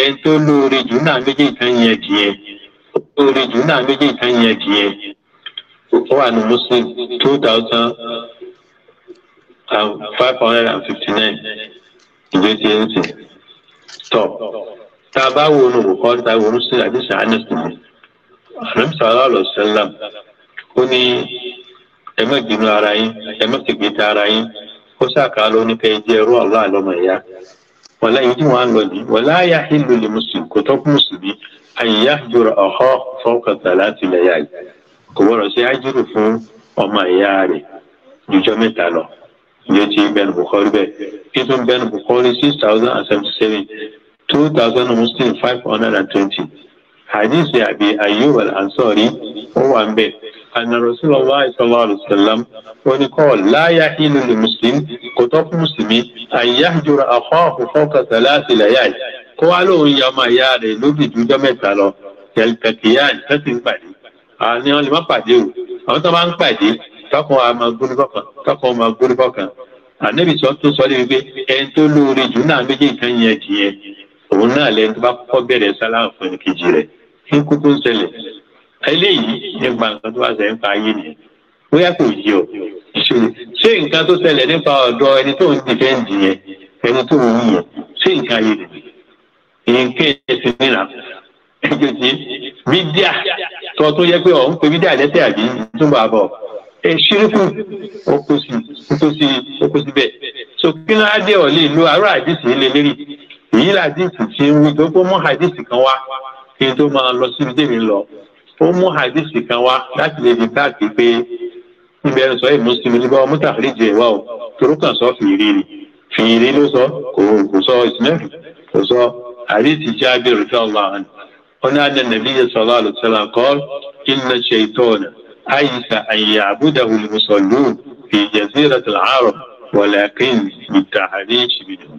ẹni tó lóore jù náà méjì tán yẹn dìyẹn lóore jù náà méjì tán yẹn dìyẹn ó wà ní muslim two thousand and um, five hundred and fifty nine ìgbésí ẹni sìn tọ tá a bá wo ní òkò tá a wo ní sílẹ̀ àti sàánì mi àlùmísà aláàlọ́ sẹ́lẹ̀m ó ní ẹ̀mẹ́gbìmọ̀ ara yín ẹ̀mẹ́sìgbìtà ara yín ó ṣàkàlọ́ nípa ẹjẹ́ ẹ̀rọ aláàlọ́mọ̀ ẹ̀yà wàlá yìí tí wọ́n á lọ ní wàlá yà hílò lè mùsùlùmí kò tọ́ fún mùsùlùmí àyíyá jùrọ̀ ọ̀họ́ fọ́kàtà láti ilẹ̀ yá yìí kò gbọ́dọ̀ sí ájúrò fún ọmọ ìyá rẹ̀ jùjọ́ mẹ́ta lọ yóò ti bẹ́ẹ̀ni bukọ́rí bẹ́ẹ̀ títún bẹ́ẹ̀ni bukọ́rí six thousand and seventy seven two thousand muslim five hundred and twenty hadith abi ayyub al-ansari ó wà ń bẹ̀ anna rasulullah sallallahu alayhi wa sallam ó ní kọ́ láyà ìlú lè muslim kò tọ́ fún mùsùlùmí àyájúra akhahu fawqa thalathi layal kó wá lóun ya ọmọ ìyá rẹ̀ lóbi ìdújọ́ mẹ́ta lọ tẹ̀lifẹ̀kìyàn tẹ́sí ń pàdé àní wọn lè má pàdé o àwọn tó máa ń pàdé kákan àmà gbóni bọ́kàn kákan àmà gbóni bọ́kàn ànábì sọ tó sọ lórí pé ẹni tó lóore jù náà méjì nǹkan yẹn dìyẹn òun náà lẹni tó bá kọ́kọ́ bẹ̀rẹ̀ sáláà fún ẹnìkejì rẹ̀ ní kókó ṣẹlẹ̀ eléyìí nípa nǹkan tó bá ṣe ń pa ayé ni bóyá kò yí ọ ìṣòro ṣé nǹkan tó ṣẹlẹ̀ nípa ọ̀dọ̀ ẹni tó ń dìfẹ́ǹdì yẹn ẹni tó ń yẹn ṣé nǹkan ayé ni èyí ké ẹsẹ nílà ẹgbẹ́ ti mídíà tó tó yẹ pé ọ̀ ń pe mídíà lẹ́tẹ̀ àbí túbọ̀ àbọ̀ ṣírúkù okòsì okòsì okòsì bẹ́ẹ̀ so kí ló á dé ọ̀lẹ́ ìlú arú àdìsí lélẹ́rì èyí làdìsí ti ń wí tó kó mọ́ àdìsí kan wá kí n tó máa lọ síbi tèmi lọ ó mú hadith kan wá láti lè fi káàkiri pé níbẹ̀ ń sọ èyí mùsùlùmí ní báwọn mọ́tà àríjẹ wa o torí kan sọ fìrí ni fìrí ló sọ kò kò sọ ìsìnẹ́rì kò sọ hadith Jabir radiyallahu anhu ọ̀nà àdé nabiyyi sallallahu alaihi wasallam qala inna shaytana ayisa an ya'budahu al-musallun fi jaziratil arab walakin bi tahrish minhum.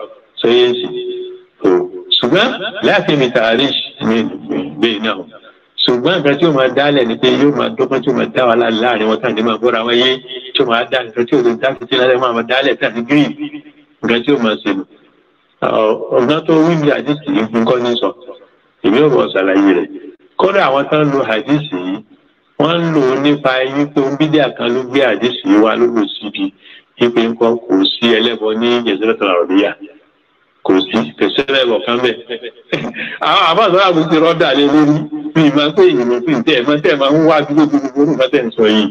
sọyẹsì tó ṣùgbọ́n láti mi tààríṣ mi gbé náà ṣùgbọ́n nǹkan tí ó máa dálẹ̀ ni pé yóò máa dọ́gbọ́n tí ó máa dá wa láàrin wọn tàbí máa bọ́ra wọn yé tí ó máa dá nǹkan tí ó lè dá títí lálẹ́ máa dálẹ̀ tàbí gírì nǹkan tí ó máa ṣe lò ọ̀gbọ́n tó wí bí àdìsí yìí ní sọ èmi ò mọ̀ ṣàlàyé rẹ̀ kódà àwọn tó ń lo àdìsí yìí wọ́n ń lò ó nípa ẹyin pé ń bídíà kan ló gbé àdìsí yìí wá síbi wípé kò sí ẹlẹ́bọ ní jẹ̀sẹ̀rẹ̀ tó làrọ̀ níyà kò sí kẹsẹ́rẹ́ ọ̀kan bẹ́ẹ̀. àwọn àbáṣọ́lá tó ti rọ́dà lé lórí bí ìmọ̀ pé ìyìnbó fi tẹ̀ mọ́ tẹ̀ máa ń wá dúró dúró dúró nǹkan tẹ̀ ń sọ yìí.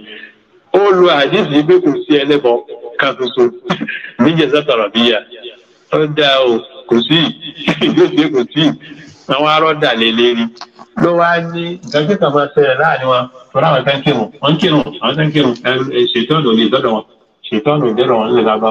ó lo àdìsí pé kò sí ẹlẹ́bọ kan ṣoṣo níjẹ̀sà tàràbíyà ó dá o kò sí ìgbésẹ̀ kò sí àwọn arọ́dà lé lérí. ló wá ní ìdájọ́ kan máa ṣẹlẹ̀ láàrin wọn fúnra wọn kan kírun wọn kírun àwọn kan kírun ṣètọ́nù ní ìdọ́dọ̀ wọn ṣètọ́nù ìdọ́dọ̀ wọn ń lè lábá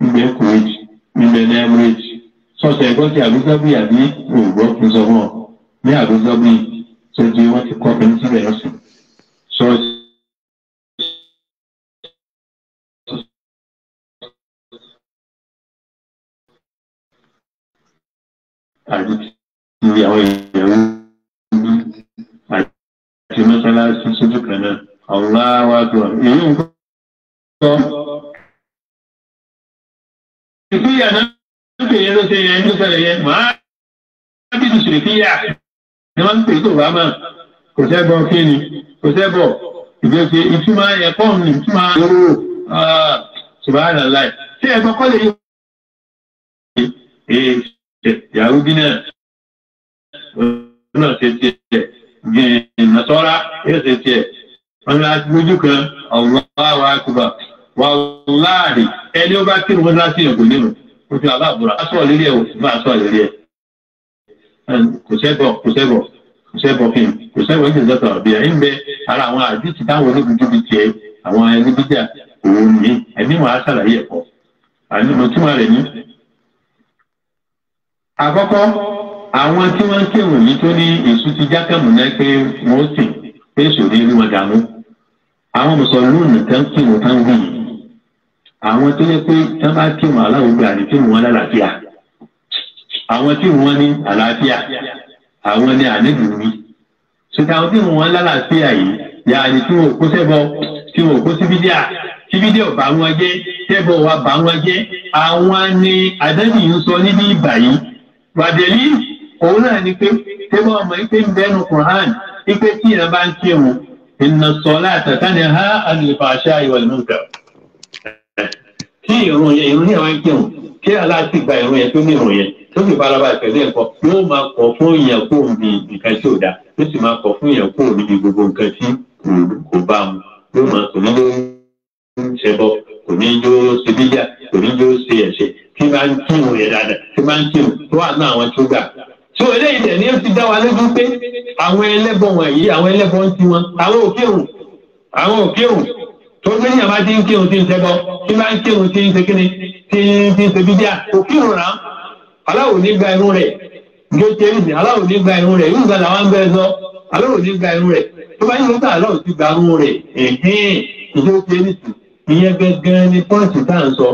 gbígbẹ kuwait gbígbẹ ní emirate sọsọ ẹgbọn ti àdúgbàbí àbí òògbọ kí n sọ fún ọ ní àdúgbàbí tó di wọn ti kọ pẹ̀lú síbẹ̀ yẹn sùn sọọsì. àti ìwé àwọn èèyàn àti mọ́sálásí sójú kan náà àwọn aláwọ̀ àdúrà ń kọ́ ànábìyẹn ló ṣe yẹ ló ṣẹlẹ̀ yẹ màá bí tuntun fi yà ni wọ́n ń pè tó bá mọ̀ kò sẹ́bọ̀ kíni kò sẹ́bọ̀ ìgbésí ìtumọ̀ ẹ̀kọ́ ni ìtumọ̀ ìrú ṣùgbọ́n àlàyé ṣé ẹ̀gbọ́n kọ́lé yìí ee yahudi náà ọ̀nà ṣe tiẹ̀ nasọ́ra ẹ̀ ṣe tiẹ̀ ọ̀nà lójú kan ọ̀wọ́ wa kúba wàláàdì ẹni ó bá kírun wọn láti ẹ̀kọ́ nínú mo fi bàbá àbúrò àtọ̀ lórí ẹ̀ òsì máa tọ̀ lórí ẹ̀ kò sẹ́bọ̀ kò sẹ́bọ̀ kò sẹ́bọ̀ fi kò sẹ́bọ̀ ní ìjọba ọ̀bí ẹ̀ ń bẹ ara àwọn àdìsí táwọn oníbùdókì tiẹ̀ àwọn ẹni bíjà òun ní ẹ̀mí wọn á ṣàlàyé ẹ̀kọ́ àní mo túmọ̀ rẹ̀ ní. àkọ́kọ́ àwọn tí wọ́n ń kéwòn yìí tó ní èṣù ti jákàmù náà pé wọ́n sìn pé èṣù ní rí wọn dànù àwọn mùsùlùmí kan kéwòn táwọn wọ̀nyí àwọn tó yẹ pé tí wọ́n bá kí wọn aláwọ̀ gbà ní kí wọn lálàáfíà àwọn tí wọ́n ní àlàáfíà àwọn ní àníbùn mi ṣùgbọ́n àwọn tí wọ́n lálàáfíà yìí yàrá ni tí wọn kó sẹ́bọ tí wọn kó síbi díà tibidi ọba wọn jẹ tẹbọ wa ba wọn jẹ àwọn ni adébí ń sọ níbi ìgbà yìí wàdẹlí òun náà ni pé tẹbọ ọmọ ipe ń bẹnu Qur'an ipe tí ìran bá ń kírun inna salata tanha anil fahsha'i wal munkar kí ìrun yẹn ìrun yẹn wá ń kírun kí aláàtì gba ìrun yẹn tó ní ìrun yẹn tó sì farabalẹ̀ pẹ̀lú ẹ̀kọ́ yóò máa kọ̀ fún yẹn kó omi nǹkan tí ò dáa yóò sì máa kọ̀ fún yẹn kó omi ní gbogbo nǹkan tí kò bá mu yóò máa kò ní ló ṣẹbọ kò ní ló ṣe bíjà kò ní ló ṣe ẹ̀ṣẹ̀ kí máa ń kírun yẹn dáadáa kí máa ń kírun tó wà náà àwọn tó gbà so eléyìí tẹ̀ ní ó ti dá wa lójú pé àwọn ẹlẹ́bọn wọ̀nyí àwọn ẹlẹ́bọn tiwọn àwọn àwọn òkèrùn tó gbé yàrá tí ń kírun tí ń ṣẹbọ tí bá ń kírun tí ń ṣe kíni tí ń tí ń ṣe bídíà kò kírun rà aláwo ní gba irun rẹ̀ gẹ́gẹ́ ní aláwo ní gba irun rẹ̀ irun gba làwọn bẹ́ẹ̀ sọ aláwo ní gba irun rẹ̀ tó bá yín ló gbà aláwo ti gba irun rẹ̀ ẹ̀hìn ìjọ ṣe é nìsí ìyẹn gẹ́gẹ́ ní pọ́ǹsì tá à ń sọ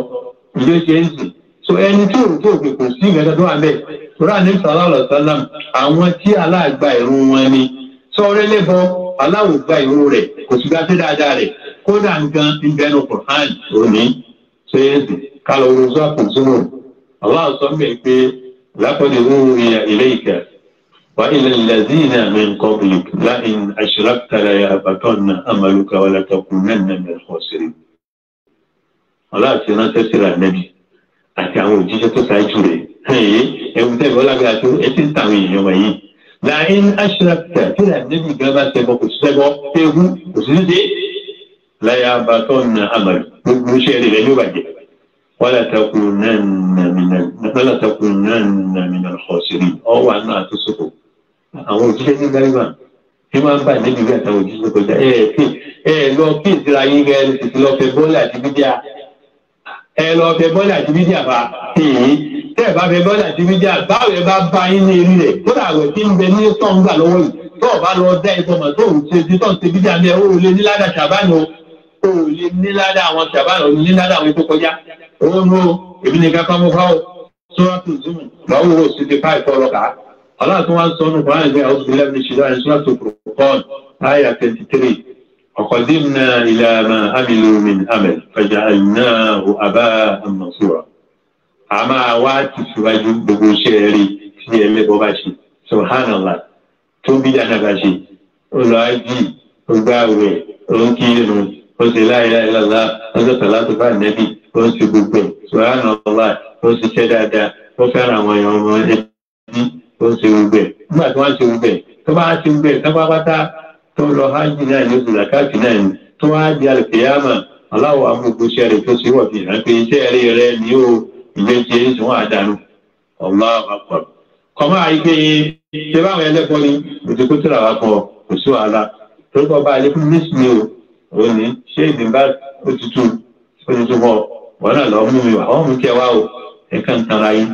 ìjọ ṣe é nìsí so ẹni tí òun tó òkè kò sí ìgbẹ́jọ́ tó wà bẹ́ẹ̀ rà aláwọ̀ gba ìwò rẹ̀ kò sì gba sí dáadáa rẹ̀ kódà nǹkan ń bẹnu Qur'an òní ṣe é sì kálọ̀ orúkọ àkùnzúmù aláwọ̀ sọ mí pé lápẹ̀lẹ̀ ń rí ilé ìkẹ́ wà ilẹ̀ ìlẹ̀zí ní àmì nǹkan bìlì láìn aṣèràkàlà àbàtàn náà amaluka wà látàkùn náà nàmì ọ̀sẹ̀rẹ̀ aláàtì ránṣẹ́ síra nẹ́bi àti àwọn làyín aṣèrèkẹ kí là níbi gàmà tẹbọ kò sí tẹbọ ewu kò sí tẹ láyà àbàtọ nà àmàlù gbogbo iṣẹ́ rẹ̀ ló bàjẹ́ wàlà takùn náà nà mìnà xọsìrì ọwọ àná àtúnṣokò àwọn òṣìṣẹ́ ní gàmà tí wọn bá níbi gàtà òṣìṣẹ́ kọjá ẹ ẹ lọ kí ìsirayé gẹ ti lọ fẹ bọọlù àti bídíà ẹ lọ fẹ bọ́lá dìbíjà bá tèé tẹ́ ẹ bá fẹ bọ́lá dìbíjà báwo ẹ bá ba yín ní eré rẹ̀ kódà àwẹ̀ tí ń bẹ ní tọ́hún gbà lọ́wọ́ yìí tó o bá lọ dá ẹ tọmọ tó o ṣe ti tọ́hún ṣe bíjà ní ẹ o lè ní ládàá ṣàbánu o lè ní ládàá àwọn ṣàbánu o lè ní ládàá àwọn tó kọjá o nu èmi nìkan kan mú fáwọn sọ́wọ́tò zoom báwo o sì ti fáì tọ́lọ ká ọlọ́run tó wá ń وقدمنا إلى ما عملوا من عمل فجعلناه أباء منصورا àmà wa ti síwájú gbogbo iṣẹ́ rí tí ẹlẹ́bọ bá ṣe subhanallah tó bí dáadáa bá ṣe olùwájì ọgbàwẹ̀ òǹkìrìnù oṣù láìláìláìlá oṣù tàlátù bá nẹ́bí oṣù gbogbo subhanallah oṣù ṣẹ́ dáadáa ó fẹ́ràn àwọn èèyàn ọmọ ẹni oṣù gbogbo nígbà tí wọ́n ṣe gbogbo tó bá ṣe gbogbo tó bá pátá tó lọ hajj náà ní oṣù zakati náà ní tó wá di alikiyama aláwọ̀ amúgbó sẹ́rẹ̀ tó sì wọ̀ fi hàn pé iṣẹ́ rí rẹ ni ó ìgbẹ́ ṣe é sùn àdánù ọ̀la àpọ̀. kọ́mọ́ àyíké ṣé báwọn ẹlẹ́kọ́ ni òtúkú tó làwọn akọ kò sí wàhálà torí kọ́ bá a lé fún mísì ni o òun ni ṣé ìdìbà òtútù òtútù bọ̀ wọ́n náà lọ́ọ́ mú mi wà wọ́n mú kẹ́ wá o ẹ̀ka ń tara yín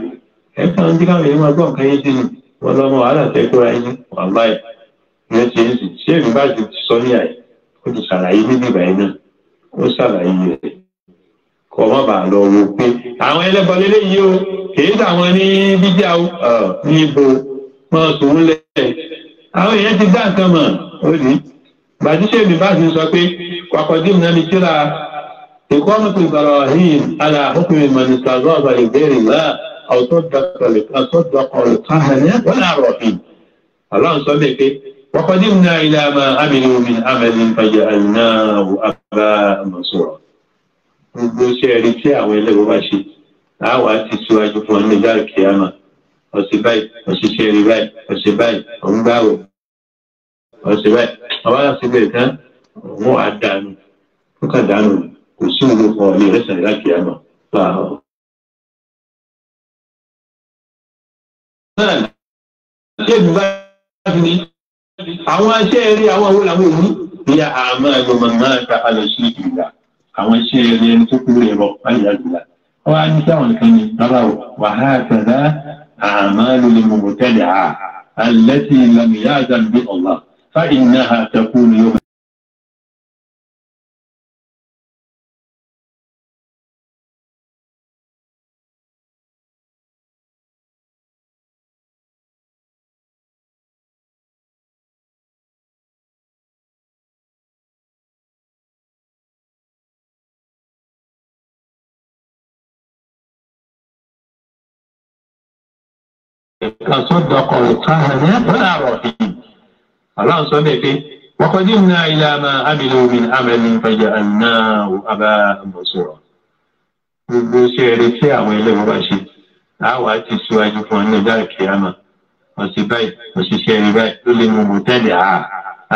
ẹ̀ka ń díkàwé yín máa gbọ́ nǹkan sínú wọ́n lọ́mọ wàhálà tẹ́kọ́ra yín wàhálà yìí yẹn ṣe é sì tí èmi bá ju ti sọ ní àyè ó ti ṣàlàyé níbi ìbàyẹn náà ó ṣàlàyé rẹ̀ kọ́ má bàa lọ wo pé àwọn ẹlẹ́bọ lélẹ́yìí o kìí sàwọn ní bíjà o níbo wọn tòun lẹ̀ àwọn èèyàn ti dá nǹkan mọ̀ ó rí gbàdúṣe mi bá ti sọ pé wàkọ̀dí mi náà mi kíra ìkọ́nù pé Ibrahim aláhùnkùnrin mọ̀nìtàgọ́ ọ̀bàlẹ̀ bẹ́ẹ̀rẹ̀ náà àwùjọ dọ̀kọ̀lẹ̀ káhẹ̀ ní wọ́n náà rọ̀ fi. Ọlọ́run sọ mi pé وقدمنا إلى ما عملوا من عمل فجعلناه أباء منصورا gbogbo ṣe ẹ̀rí tí àwọn ẹlẹ́gbọ́n bá ṣe àwa ti síwájú fún ọ nígbà kíámà ọ̀sẹ̀ báyìí ọ̀sẹ̀ ṣe ẹ̀rí báyìí ọ̀sẹ̀ báyìí òun gbàwọ̀ ọ̀sẹ̀ báyìí àwọn aláṣẹ bẹ̀rẹ̀ tán wọn á dànù wọn kà dànù kò sí ìlú kan ní ìrẹsẹ̀ nígbà kíámà láàárọ̀. náà ṣé ìdúgbà fi ní àwọn aṣẹ́ẹ̀rí àwọn àwọn làwọn èyí ìyá àmọ́ ẹ̀rọ màmá ta alọ́sí ìgbà àwọn aṣẹ́ẹ̀rí ẹni tó kúrò ẹ̀rọ ayélujára wọ́n á ní sáwọn nìkan ní bàbá wàhálà tẹ̀lá àmọ́ lórí mọ̀mọ́tẹ́lẹ̀ àá alẹ́tì ìlànà ìyá àjàǹdí ọ̀la fa ìnáhà tẹ̀kú ni yóò nǹkan tó dọkọ̀ nǹkan ẹ̀mí ẹ̀kọ́dà rọ̀ yìí aláwọ̀ sọ bẹ́ẹ̀ pé wọ́kọ̀dé ní ilé àmà ábìlẹ̀ omi àmàlẹ́ ìfẹ̀jẹ̀ àná àbá àmọ̀sọ̀rọ̀ gbogbo iṣẹ́ eré tí àwọn ẹlẹ́wọ̀n bá ṣe àwọn àti síwájú fún ọ ní ọjọ́ àìkè àmà ọ̀sẹ̀ báyìí ọ̀ṣiṣẹ́ eré báyìí ló lè mú mọ̀tẹ́lẹ̀ à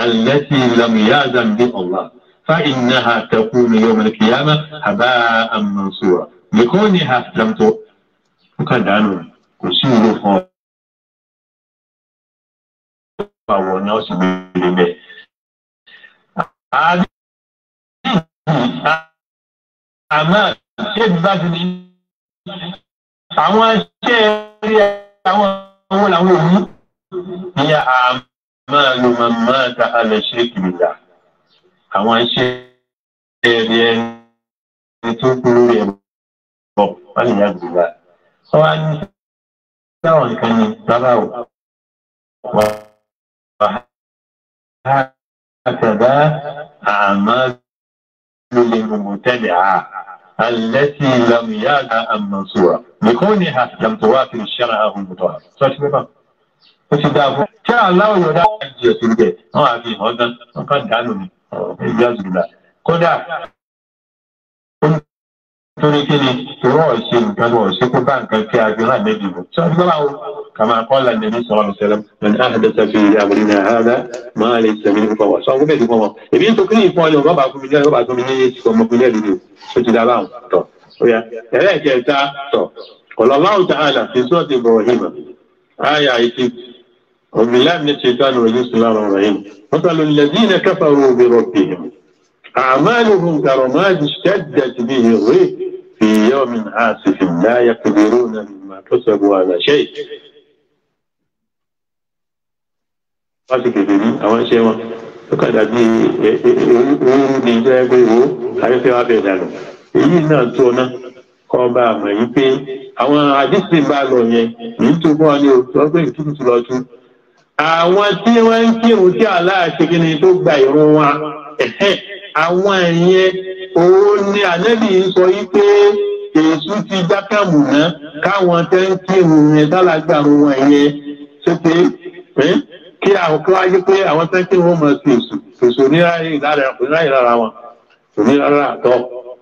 التي لم يأذن به الله فإنها تكون يوم القيامة هباء منصورا لكونها لم تكن عنه كسوره àwọ̀ ni ó sì gbé e bẹ́ẹ̀. àmọ́ tẹ́bí bá ti ní àwọn iṣẹ́ rí àwọn owó làwọn òun ní àmọ́ ló máa ń ta alẹ́ ṣe kìlìlà àwọn iṣẹ́ rí ẹni tó kúrò rẹ̀ bọ̀ wọ́n lè yá gbìyà. wọ́n á ní sáwọn nǹkan ní bàbá ò وهكذا أعمال المبتدعة التي لم يعد أم منصورة لكونها لم توافر شرعه المطهر صحيح بابا وش شاء الله يودع الجيش البيت ما في هذا وقد دعنوني إجاز بالله كذا torí kí ni torí wọn ṣe nǹkan wọn ṣe kó bá nǹkan kí a gbéra méjì lọ tí wọn ti gbọ́dọ̀ kàmá kọ́lá nàbí sọ̀rọ̀ sẹ́lẹ̀m nàbí àhàdàtà fi àmì náà àhàdà máa lè sẹ́mi ní fọwọ́ sọ wọ́n bẹ̀ dùn fọwọ́ èmi ń sọ kí ni ìfọ̀n yóò bá fún mi ní ọba fún mi ní ọmọ fún mi ní ẹ̀dùnú ó ti dábàá tọ̀ ọ̀yà في يوم عاصف لا يقدرون مما كسبوا على شيء láti kékeré àwọn iṣẹ́ wọn ó kàdà bí ewúrú e, e, e, ní ìjọ ẹgbẹ́ ìwò ayọ́fẹ́ wa bẹ̀rẹ̀ dànù èyí náà tó ọ̀nà kọ́ bá a mọ̀ yìí pé àwọn àdìsí bá lọ yẹn ní tó bọ́ ní oṣù ọgbẹ́ ìtútù lọ́tú. àwọn tí wọ́n ń kírun tí aláàṣẹ kí ni tó gba ìrun wa àwọn ìyẹn òun ni ànẹ́bì ń sọ yí pé èsù ti jákàmù náà káwọn tẹ́ ń kírun yẹn dálàgbà wọn yẹn ṣe pé kí àwọn kí wáyé pé àwọn tẹ́ ń kírun wọn mọ̀ sí èsù èsù oníráyè lára oníráyè lára wọn oníráyè àtọ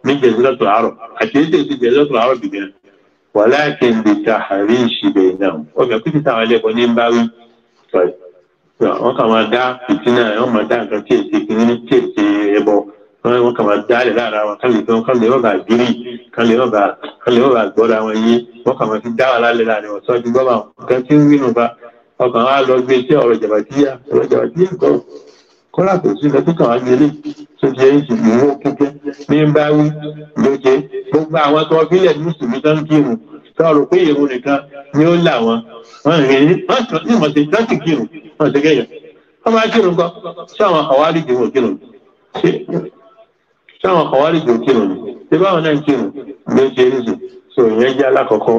ní jẹ̀dẹ́lọ́tò àárọ̀ àti èdè ti jẹ̀dẹ́lọ́tò àárọ̀ bìbẹ̀ wàláàkín lè ta àrí ìṣìbẹ̀ náà wọ́n fẹ́ kúti táwọn ẹlẹ́kọ̀ọ́ ní bá wí wọ́n kà máa dá ìtinà wọ́n máa dá nǹkan tí èsì kìíní tí èsì ẹbọ wọn wọn kàn máa dálẹ̀ lára wọn kàn lè kàn lè rọ̀bà gírì kàn lè rọ̀bà kàn lè rọ̀bà gbọ́dọ̀ àwọn yìí wọn kàn máa fi dá wà lálẹ́ láàrin wọn sọ́jú gbọ́ bá wọn kàn tí ń rí nù bá ọkàn wa lọ gbé sí ọ̀rọ̀ jàbàtíyà ọ̀rọ̀ jàbàtíyà kọ́ kọ́lá kò sí lọ́dún kan wá gbélé tó jẹ́ ìṣèlú kíkẹ́ ní báwí ló jẹ́ gbogbo àwọn tó wọ́n fílẹ̀ mùsùlùmí tó ń kírun sọ̀rọ̀ pé èrò nìkan ni ó là wọn wọ́n rìn ní wọ́n táwọn kọ̀wárì jò kírun ṣé báwọn náà ń kírun ló ń ṣe rúdù so ìyẹn jẹ́ alákọ̀ọ́kọ́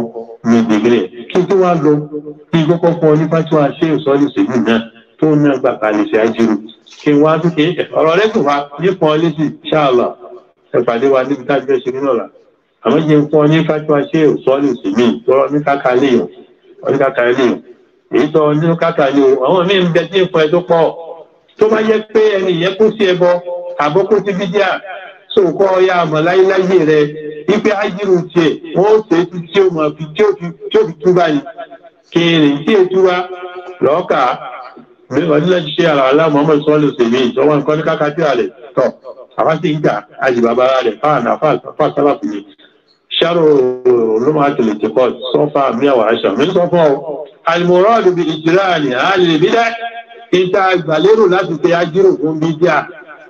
ní dègrè kí tó wá lọ kí kọ́kọ́ fún ọ ní fásiwá ṣé ìsọ́lì ṣèlú náà tó ń náà gbà kalẹ̀ ṣe àjírù kí n wá tó ké ọ̀rọ̀ rẹ̀ kò wá ní fún ọ létí ṣáàlà ẹ pàdé wa níbi tá a jẹ́ ṣe nínú ọ̀la àmọ́ jẹ́ fún ọ ní fásiwá ṣé ìsọ́lì ṣèlú tọrọ ní kákàlẹ̀ yàn ọdún kákàlẹ̀ yàn èyí tó ní kákàlẹ̀ yàn àwọn míì ń bẹ tí ń ẹ tó pọ̀ tó bá yẹ pé ẹni ìyẹn kó sí ẹbọ àbókó sí fídíà sòkò ọyá àmọ láyéláyé rẹ wípé ájírù tiẹ wọn ó ṣe tí tí ó mọ fi tí ó fi tí ó fi tú báyìí kéèrè tí ètú wa lọ́ọ̀kà ọdúnlẹ̀ ti ṣe àrà aláà muhammed sọ́ọ́lù sèmi ìjọba nǹkan ní a àlẹ̀ tọ̀ àfáṣe ń gbà àjìbàbà rẹ̀ fáànà fáàsálà fún mi ṣàrò olómọ àtìlẹ ti pọ̀ sọ́fà mi àwọn aṣọ mi sọ fún ọ alimọ̀rọ́ọ̀dù bíi ìjìlá ni àlè bídẹ́ ìta ìgbàlérò láti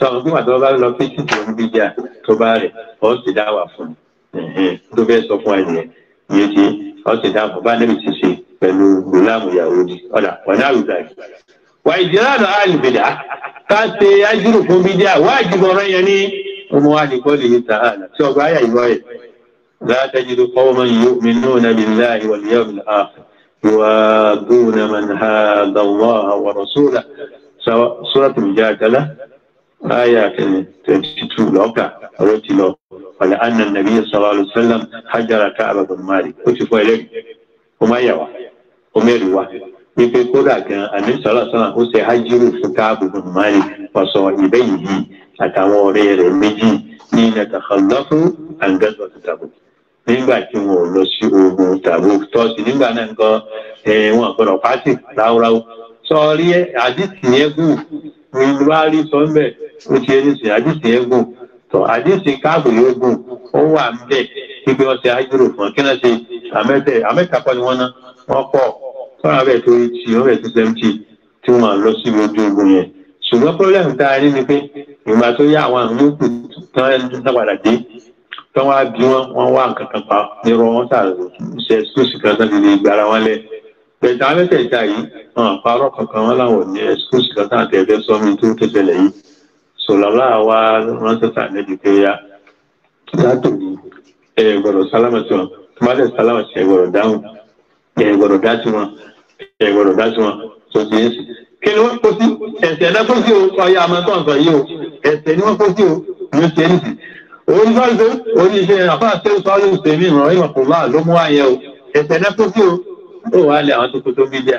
sọ àwọn fún àtọ́wọ́ bá lọ pé tí kò ń gbìjà tó bá rẹ̀ ọ́ sì dá wà fún tó fẹ́ sọ fún ẹ̀yẹ yé ti ọ́ sì dá fún bá níbi ti ṣe pẹ̀lú gbòláàmù ìyàwó ni ọ̀dà ọ̀dà àwùjọ ẹ̀. wà ìdílé àná àlùbẹ̀dà ká ṣe ájúrò fún bídíà wá ìdìbọn rẹ̀ yẹn ní ọmọ àdìgbọ́ lè ta àná tí ọgbà ayà ìwọ rẹ̀ látàjì tó من هاد الله ورسوله سورة المجادلة آية 22 لوكا روتي لو ولأن النبي صلى الله عليه وسلم حجر كعب بن مالك وشوفوا إليه وما يوا ومير وا ife kódà gan àní sọlọsọlọ ó ṣe hajiru fún káàbù bin malik ọsọ ibẹ yìí àtàwọn ọ̀rẹ́ rẹ̀ méjì ní nàtàkàlọfù àǹgẹsọ ti tàbù nígbà tí wọn ò lọ sí ogun tàbù tọsí nígbà náà nǹkan wọn gbọ́dọ̀ pàṣẹ ráúráú sọ rí àdìsí yẹn gùn òun bá rí sọ mbẹ ó ti ẹni sìn àdìsí ẹgùn tọ àdìsí káàbù yóò gùn ó wà mbẹ ibi ọsẹ ajúrò fún kí náà ṣe àmẹtẹ àmẹtàkọ ni wọn ná wọn pọ fọlá bẹẹ tó ti wọn bẹẹ tó sẹmtì tí wọn lọ síbi ojú ogun yẹn ṣùgbọ́n pọlẹmù tá a rí ni pé ìgbà tó yá àwọn àwọn yòókù tán ẹni tó sábàdà dé tán wá bí wọn wọn wá nǹkan kan pa nírọ wọn sà ṣe ṣúùsì kan tán ti lè gbára wọn lẹ tẹ̀dá mẹ́tẹ̀ẹ̀dá yìí wọn àparọ́ kankan wọn láwọn ní ẹ̀sùkúùsì kan táà tẹ̀ẹ̀fẹ́ sọ́mi tó tẹ̀sẹ̀lẹ̀ yìí sọ̀lọ́lá wa ránṣẹ́ tà níbi pé ya látò ní ẹ gbọ́dọ̀ sálámà sí wọn tó má dẹ̀ sálámà sí ẹ gbọ́dọ̀ dáhùn ẹ gbọ́dọ̀ dá sí wọn ẹ gbọ́dọ̀ dá sí wọn tó ti ń sìn. kí ni wọ́n kó sí ẹ̀sẹ̀ náà kó sí o ọ̀yà àmọ́ yìí o ẹ̀sẹ̀ ni wọ́n kó sí o ló ṣe kó sí o ó wà lé àwọn tó kó tó bídíà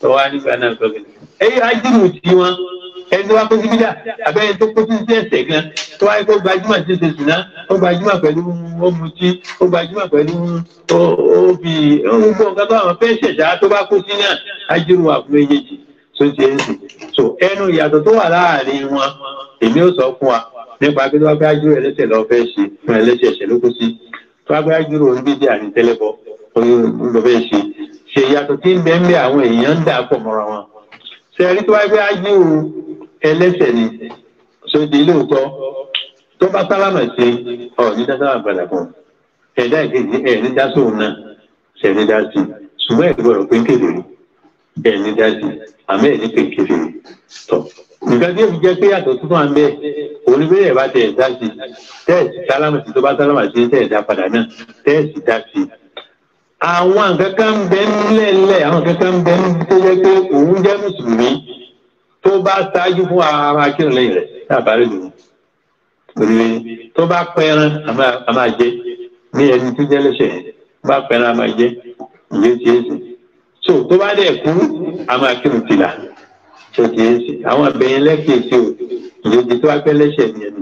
tó wà nígbà náà tó bídíà èyí ájírù tí wọn ẹni tó wá kó sí bídíà abẹ́rẹ́ tó kó sí ẹsẹ̀ gan tó wáyé kó gbajúmọ̀ tí ṣe sùn náà ó gbajúmọ̀ pẹ̀lú ọmùtí ó gbajúmọ̀ pẹ̀lú òbí gbogbo nǹkan tó àwọn fẹ́ẹ́ ṣẹ̀ṣá tó bá kó sí náà ájírù wà fún méjèèjì tó ṣe é sì so ẹnu ìyàtọ̀ tó wà láàrin wọn èmi ò sọ fún wa nípa pé tó wá pé ájírù ẹlẹ́sẹ̀ lọ fẹ́ ṣe fún ẹlẹ́sẹ̀ ṣẹlókùsí tó wá pé ájírù oníbíjì àti tẹ́lẹ̀bọ̀ ló fẹ́ ṣe ṣe ìyàtọ̀ tí ń bẹ ń bẹ àwọn èèyàn ń dà pọ̀ mọ́ra wọn ṣe tó wáyé pé ájú ẹlẹ́sẹ̀ ni sóde lóòótọ́ tó bá sálámà ṣe ọ̀ ní dá sálámà padà fún ẹ̀dá ìkejì ẹ̀ ní dá sóun náà ṣe ní dá sí ṣùgbọ́n ẹ̀ gbọ́dọ̀ pé kékeré ẹ̀ ní dá sí àmọ́ ẹ̀ ní pé kékeré tọ̀ nǹkan tí èmi jẹ́ pé yàtọ̀ tó máa ń bẹ́ẹ̀ oníbẹ̀rẹ̀ bá tẹ̀ ẹ̀ dá sí tẹ́ẹ̀sì sálámà sí tó bá sálámà sí tẹ́ẹ̀ dá padà náà tẹ́ẹ̀sì dá sí àwọn kankan ń bẹ ńlẹ̀ńlẹ̀ àwọn kankan ń bẹ tó yẹ pé òun jẹ́ mùsùlùmí tó bá ṣáájú fún ara akérò lẹ́yìn rẹ̀ lábàárẹ̀ lòun òrìrì tó bá pẹran a máa jẹ ní ẹni tó jẹ́ lẹ́sẹ̀ bá pẹran a máa jẹ ìyẹn ti èsì so tó bá dẹ̀ kú a máa kírun tìlà ṣe ti èsì àwọn abẹ́yẹn lẹ́kẹ̀ẹ́sì o ìyẹn ti tó bá pẹ́ lẹ́sẹ̀ yẹn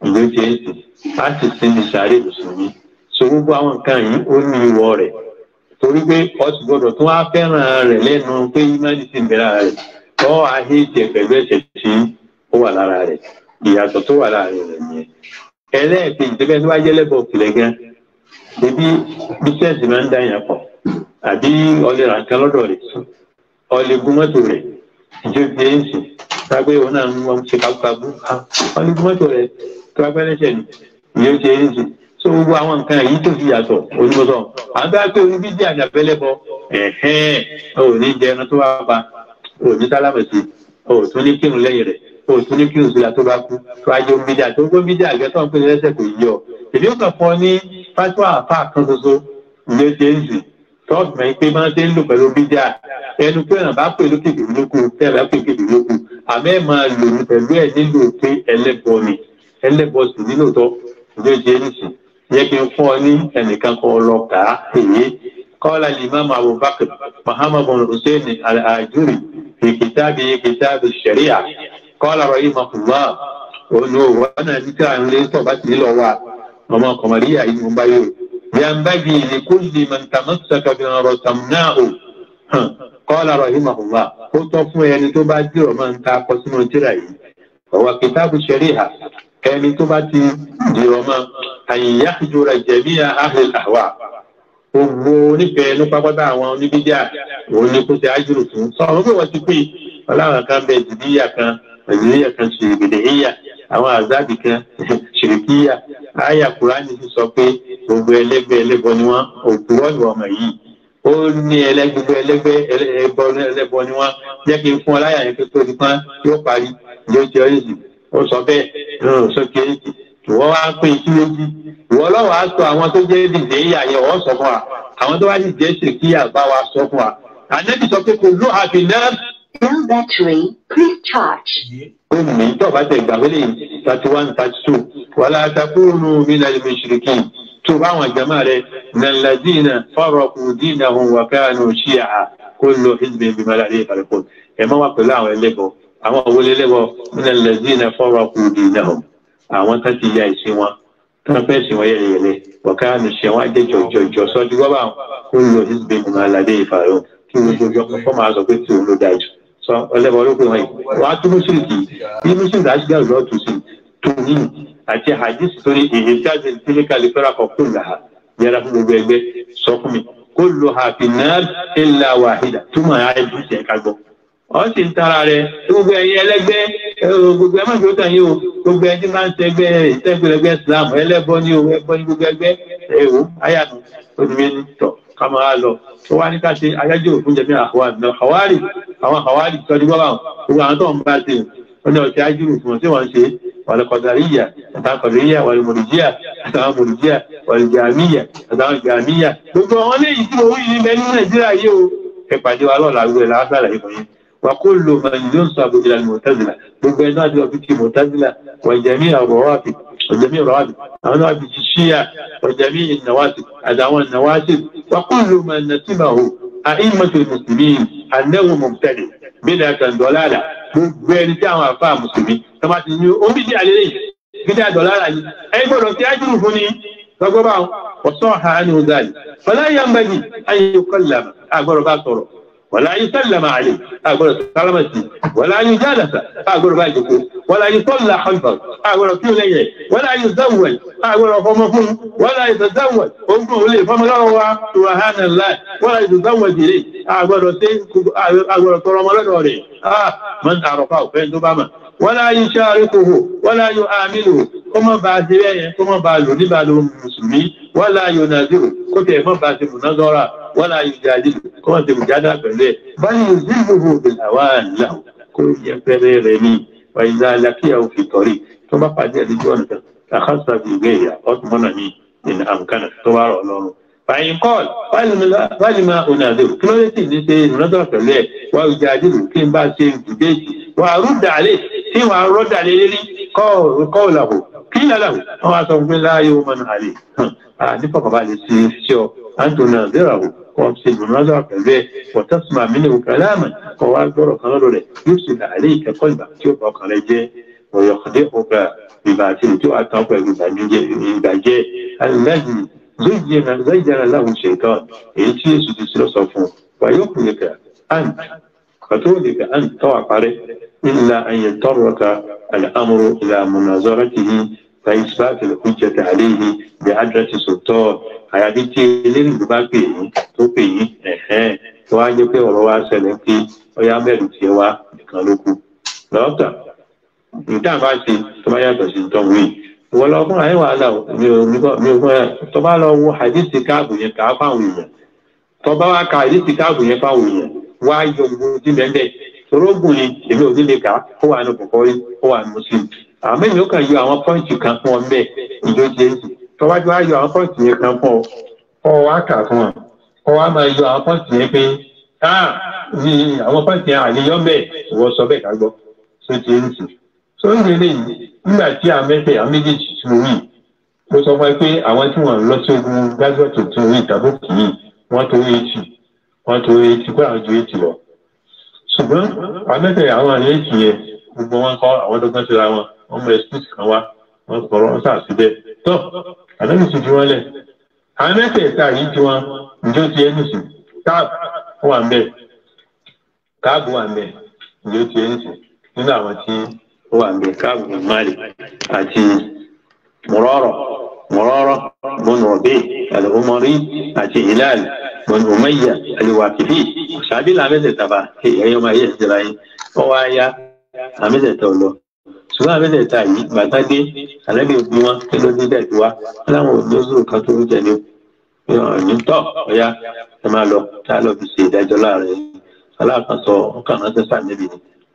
nìyẹn ti èsì láti sinmi sàárè mùsùlùmí so gbogbo àwọn nǹkan torí pé ọtí gbọ́dọ̀ tún á fẹ́ràn rẹ̀ lẹ́nu pé imáni ti ń bẹ lára rẹ̀ ọ àhín ti ẹgbẹgbẹ ẹsẹ tí ó wà lára rẹ̀ ìyàtọ̀ tó wà lára rẹ̀ nìyẹn ẹlẹ́ẹ̀kejì tó bẹ tó bá jẹlẹbọ òkèlè gan ebi bísẹẹsì máa ń dá yàn pọ̀ àbí ọlẹ ràǹkan lọ́dọ̀ rẹ̀ ọlẹ gun mọ́tò rẹ̀ ìjọ ìgbéyìísì tàgbé òun náà ń ṣe kábúkábú ọlẹ gun mọ́tò rẹ̀ tó agbẹrẹsẹ ni ìjọ ìgbéyìísì tó gbogbo àwọn nǹkan yìí tó fi yàtọ̀ olùmọ̀sán àwọn bá pé orí bídíà ní abẹ́lẹ́ bọ ẹ̀hẹ́n òní jẹ ẹran tó wá pa òní tálámẹ̀sì òtún ní kírun lẹ́yìn rẹ̀ òtún ní kírun síra tó bá kú tó ajé bídíà tó gbó bídíà gẹ́tọ̀ ń pè ní ẹsẹ̀ kò yí ọ. èmi ò kàn fọ ní pátó àáfàá kan ṣoṣo ìyẹn jẹ́ǹsì tọ́ọ̀tù mẹ́rin pé máa ń ṣe ń lò pẹ̀lú bídíà ẹnu pé ọ̀nà bá pè lókè lókù tẹ́ bá pè ìdìbò lókù àmẹ́ máa lò pẹ̀lú ẹ̀ nílò pé ẹlẹ́bọ ni ẹlẹ́bọ sì nílò tọ́ ìjọ jẹ́ jẹ́ kí n fún ọ ní ẹnìkan kọ́ ọ lọ kà á èyí kọ́lá limam abubakar muhammadu hussein al-ajuri fi kìtàbí kìtàbí sharia kọ́lá rahim ahumad onu wọn àti tí a ń lé tọ́ bá ti lọ wa ọmọ kọmọríyà yìí mo bá yóò yàmbági ni kúlì mọ̀ntàmọ́sọ̀kọ̀ bí wọn rọ̀ sàmúnà o kọ́lá rahim ahumad ó tọ́ fún ẹni tó bá dìrọ̀ máa ń ta yìí ọ̀wà kìtàbí sharia ẹni tó bá ti dìrọ̀ mọ́ àyìnyá ìjọra jẹ̀mí ahlil ahwa gbogbo onífẹ̀ẹ́ ní àwọn oníbíjà òun ni kó ṣe ájúrò fún un. sọ̀rọ̀ pé wọ́n ti pín ọlọ́run kan bẹ jìbìyà kan jìbìyà kan ṣègbèdèyà àwọn àzáàbì kan ṣèkíyà àyà kúránì ti sọ pé gbogbo ẹlẹ́gbẹ́ ẹlẹ́bọ ni wọ́n òkúrọ́ ìwà ọmọ yìí ó ní gbogbo ẹlẹ́gbẹ́ ẹlẹ́bọ ni wọ́n jẹ́ kí n fún ọ láyà yẹn pé tó ti pán yóò parí yóò jẹ́ ọ́ ó sọ bẹ́ẹ̀ ràn sókè ìwọ wá pé ikú méjì ìwọ ọlọ́wàá sọ àwọn tó jẹ́ dìde yà wọ́n sọ fún wa àwọn tó wá sì jẹ́ ṣèkíyà bá wa sọ fún wa ànẹ́bí sọ pé kò ló àfi náà. Now battery, please charge. Ó mú mi tọ́ bá tẹ̀ gbàgbé lè thirty one thirty two wàlá àtàkùnrin mi náà lè mi ṣìrì kí n tó báwọn jama rẹ̀ nàlàdínà fọ́rọ̀kù dínà òun wà káà ní òṣìyà kó lọ ìdìbò ìbímọ alárẹ̀ ìfàlẹ́kọ̀ọ́ ẹ̀ má wà pẹ̀lú àwọn ẹlẹ́gbọ̀ọ́ àwọn òwòlélẹ́wọ̀ nílẹ̀lẹ́dí iná fọ́rọ̀ kù dìínà o àwọn tó ti ya ìsìn wọn tó ń fẹ́ sìn wọ́n yẹlẹyẹlẹ ọ̀ká àmì ṣe wọ́n á jẹ́ jọ̀jọ̀jọ̀ sọ́jú rọ́bà kó lò ní bẹ́ẹ̀ máa làdé ìfàrọ̀ kí gbogbo ọkọ̀ fọ́ máa sọ pé tòun ló da jù sọ ọlẹ́bọ̀ ló pè wọ́n yìí wọ́n á tún mùsùlùmí bí mùsùlùmí àṣìgbà lọ́ọ̀ tún sí tòun àti hadith tó ní èyí ọ sì ń tara rẹ gbogbo ẹ̀yin ẹlẹgbẹ́ gbogbo ẹmọ ìgbésọ yìí o gbogbo ẹ̀yin tí máa ń tẹgbẹ tẹgbẹlẹgbẹ Islam ẹlẹ́bọ ni o ẹbọ ni gbogbo ẹgbẹ́ ẹwò ayàtọ̀ onímọ̀ ẹni tọ̀ ká máa lọ tó wá ní ká ṣe ayájọ òfin jẹmí àwọn àwárí àwọn àwárí tọ́jú bọ́bá wọn gbogbo àwọn tó ń bá ṣe ọ̀nà ọ̀sẹ̀ ajúrù fún wọn tí wọ́n ń ṣe wa lọ́la gbé làásàlà ìkànnì وكل من ينسب الى المعتزله بيبينات في المعتزله وجميع الروافد وجميع الروافد ونوافد الشيعه وجميع النواسب ادعوا النواسب وكل من نسبه ائمه المسلمين انه مبتدئ بدعه ضلاله بين تعمل فاهم مسلمين كما تقول امي عليه بدعه ضلاله اي بولو تاجر فني فقبعوا وصاح عنه ذلك فلا ينبغي ان يكلم اعبر باطره wala yìí tẹ́lẹ̀ máa yìí àgbọ̀dọ̀ sálámà sí wala yìí jálàsà àgbọ̀dọ̀ báyìí kò wala yìí tọ́lá xalfà àgbọ̀dọ̀ kí lẹ́yìn wala yìí zawwal àgbọ̀dọ̀ fọmọ fún wala yìí tazawwal ogun olè fọmọ lọ́wọ́ wa tura hàn láì wala yìí tazawwal jìrì àgbọ̀dọ̀ tẹ́ àgbọ̀dọ̀ tọrọ ọmọ lọ́dọ̀ rẹ̀ ah man àròkà òfin tó bá mà wọ́n láyé iṣẹ́ àríkòhò wọ́n láyé àmìlò kó mọ́ bá ti rẹ̀ yẹn kó mọ́ bá lò nígbà ló mùsùlùmí wọ́n láyé onàdìrò kó tẹ̀ mọ́ bá ti mùnádọ́rà wọ́n láyé ìjàdìrò kó mọ́ ti mùjádà pẹ̀lú ẹ̀ báyìí ìdíbòbò ìlàwà àlà kó yẹ pẹ́rẹ́ rẹ̀ ní ọ̀yìnlá alákíyà òfin tọ̀rí tó bá pàdé ẹ̀dígbọ́n fàyín kọ́ọ̀lù fáìlìmá onàdèrò kí ló lè sì ní ṣe ìrànlọ́dọ̀ pẹ̀lú ẹ̀ wá ìjà àdìrò kí n bá ṣe ìdíjèjì wà á rúdà lé tí wà á rọ́dà lé lérí kọ́ọ̀lù kọ́ọ̀lù àbò kí ni àlàbò wọn wá sọ pé láàyè ó mọnà àlè àti pọkànbalẹ̀ sí sí ọ àǹtọ̀nà àdèrò àbò ṣe ìrànlọ́dọ̀ pẹ̀lú ẹ̀ wọ́tẹ́sùmá mi ní kàlámà kọ́ wá gbọ́rọ̀ kan lọ́dọ̀ rẹ̀ yóò ṣe àlè ìkẹ́kọ̀ọ́ ìgbà tí ó bọ̀ kan lẹ jẹ́ ọ̀yọ̀kọ̀dé ọ̀gá ìbàtí tí ó wà tán pẹ̀lú ìbàjẹ́ ìbàjẹ́ alẹ́ zayyana lahu shaitan èyí tí èsù ti sí lọ́sọ̀ fún wàyókùnìkà ant kàtóòlìkà ant tọ́wà parẹ́ illa an yatarraka al'amuru ila munazaratihi fa isbati al-hujjati alayhi bi adrati sultan àyàbí tí eléyìí ló bá pè yín tó pè yín ẹ̀hẹ́n tó wá pé ọ̀rọ̀ wa ṣẹlẹ̀ pé ọyá mẹ́rin tiẹ̀ wá nìkan ló kù lọ́ọ̀tà nǹkan bá tó bá yàtọ̀ sí tọ́wọ́ yìí ìwọ lọ fúnra yín wàhálà mi ò fún ẹ tó bá lọ wo àdìsí káàbù yẹn kà á fáwọn èèyàn tó bá wá ka àdìsí káàbù yẹn fáwọn èèyàn wá yọ gbogbo tí bẹ́ẹ̀ bẹ́ẹ̀ ni èmi ò ní lè ó wà ní kòkòrí ó wà ní muslim àmọ́ èmi ò kàn yọ àwọn pọ́ǹtì kan fún ọ bẹ́ẹ̀ ìjọ jẹ́ tó bá jọ wá yọ àwọn pọ́ǹtì yẹn kan fún ọ ọ wá kà fún ọ kọ́ wá máa yọ àwọn pọ́ǹtì yẹn pé táà ní àwọn pọ́ǹtì yẹn àníyàn bẹ́ẹ̀ ìwọ sọ bẹ́ẹ̀ ká gbọ́ tó ti ń sìn tó ń nígbà tí a àméjèèjì tún rí ó sọ fún ẹ pé àwọn tí wọ́n lọ sí ogun gágbàtò tún rí ìtàbùkù yìí wọ́n tó eighty wọ́n tó pé àwọn ju lọ àwọn yẹn gbogbo wọn kọ́ àwọn dọ́gbọ́n síra wọn wọ́n mú excuse kan wá wọ́n sọ̀rọ̀ wọ́n sàṣì bẹ́ẹ̀ tó àdánù lẹ̀ yìí ti wọn ǹjọ́ ti sùn wà ń bẹ̀ káàbù wà ó wà níbi káàbù ní mali àti mùrọ̀rọ̀ mùrọ̀rọ̀ bọ́nù ọ̀bẹ àlùmọ́rí àti hilal bọ́nù umayya àlùwàkìbí ṣáàbí làmẹ́sẹ̀ tàbá ẹ̀yọ́ máa yẹ̀ síra yín ó wá yá àmẹ́sẹ̀ tọ̀ lọ ṣùgbọ́n àmẹ́sẹ̀ ta yìí bàtà dé àlẹ́bí bí wọn kí ló dé dẹ̀tí wa láwọn òdòdó kan tó ń jẹ ní ní tọ́ ọ̀ya ẹ máa lọ tá a lọ fi ṣe ìdájọ́ láàrin aláàkànṣọ ọkàn ránṣẹ́ sáà níbi ni.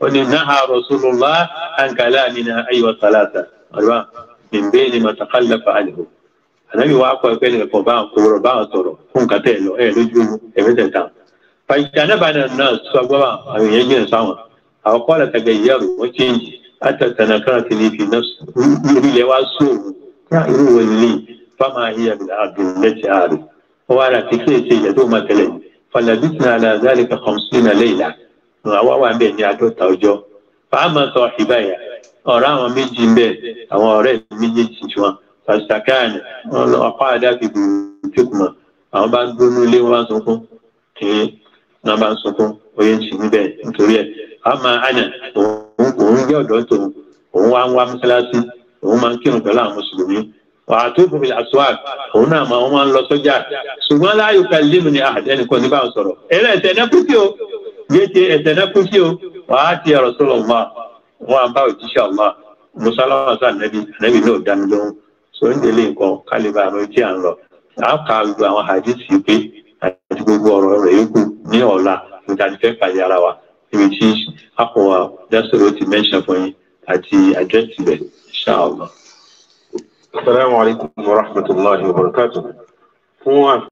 ó ní náà rasulullah an kalamina aywa salata ọ̀rọ̀ min bayni ma takhallafa anhu ànábì wa kọ́ ẹgbẹ́ nìkan bá kò rọ̀ bá sọ̀rọ̀ fún nǹkan tẹ̀ lọ ẹ̀ lójú ẹ̀mẹ́tẹ̀ẹ̀ta fàìjànàbàdàn náà sọgbọ́n àwọn èèyàn jẹ́ sáwọn àwọn kọ́ lẹ́tẹ̀gẹ̀ yẹ̀rù wọ́n ti ń jì látàtàna kára ti ní fi lórílẹ̀ wá sóòrù náà irú wọn ní fáma ìyá àdùn lẹ́tì ààrẹ wọ́n wá rà tí kí èsì ìyàtọ̀ máa tẹ̀lẹ̀ fàlàbí àwọn wà bẹ́ẹ̀ ní àádọ́ta ọjọ́ fàámà sọ ìbáyà ọ̀rọ̀ àwọn méjì ń bẹ àwọn ọ̀rẹ́ méjèèjì tí wọn pàṣípàkáàní wọn lọ àdá fi bù àwọn bá gbónú ilé wọn bá sunkún kí wọn bá sunkún oyè ń sì níbẹ̀ nítorí ẹ̀ òun ọ̀dọ́ òun wá ń wá mọ́sálásí òun máa ń kírun pẹ̀lú àwọn mùsùlùmí wàtúbù bí aswak òun náà máa ń lọ sọ́jà ṣùgbọ́n ni ń sọ̀rọ̀ ẹ̀rẹ́ ẹ̀sẹ̀ o gbéde ẹ̀dẹ̀dá kú sí o wàá ti ọ̀rọ̀ tó ma wà wọn bá òjíṣẹ́ ọ̀ma musalama sa nẹbi nẹbi náà dání lóhùn sórí délé nǹkan kálíbà àrùn tí à lọ ka gbogbo àwọn si pe àti gbogbo ọ̀rọ̀ rẹ̀ yókù ní ọ̀la níta ti fẹ́ pàdé ara wa níbi ti mẹ́ṣẹ̀ àti àdírẹ́sì rẹ̀ wa wa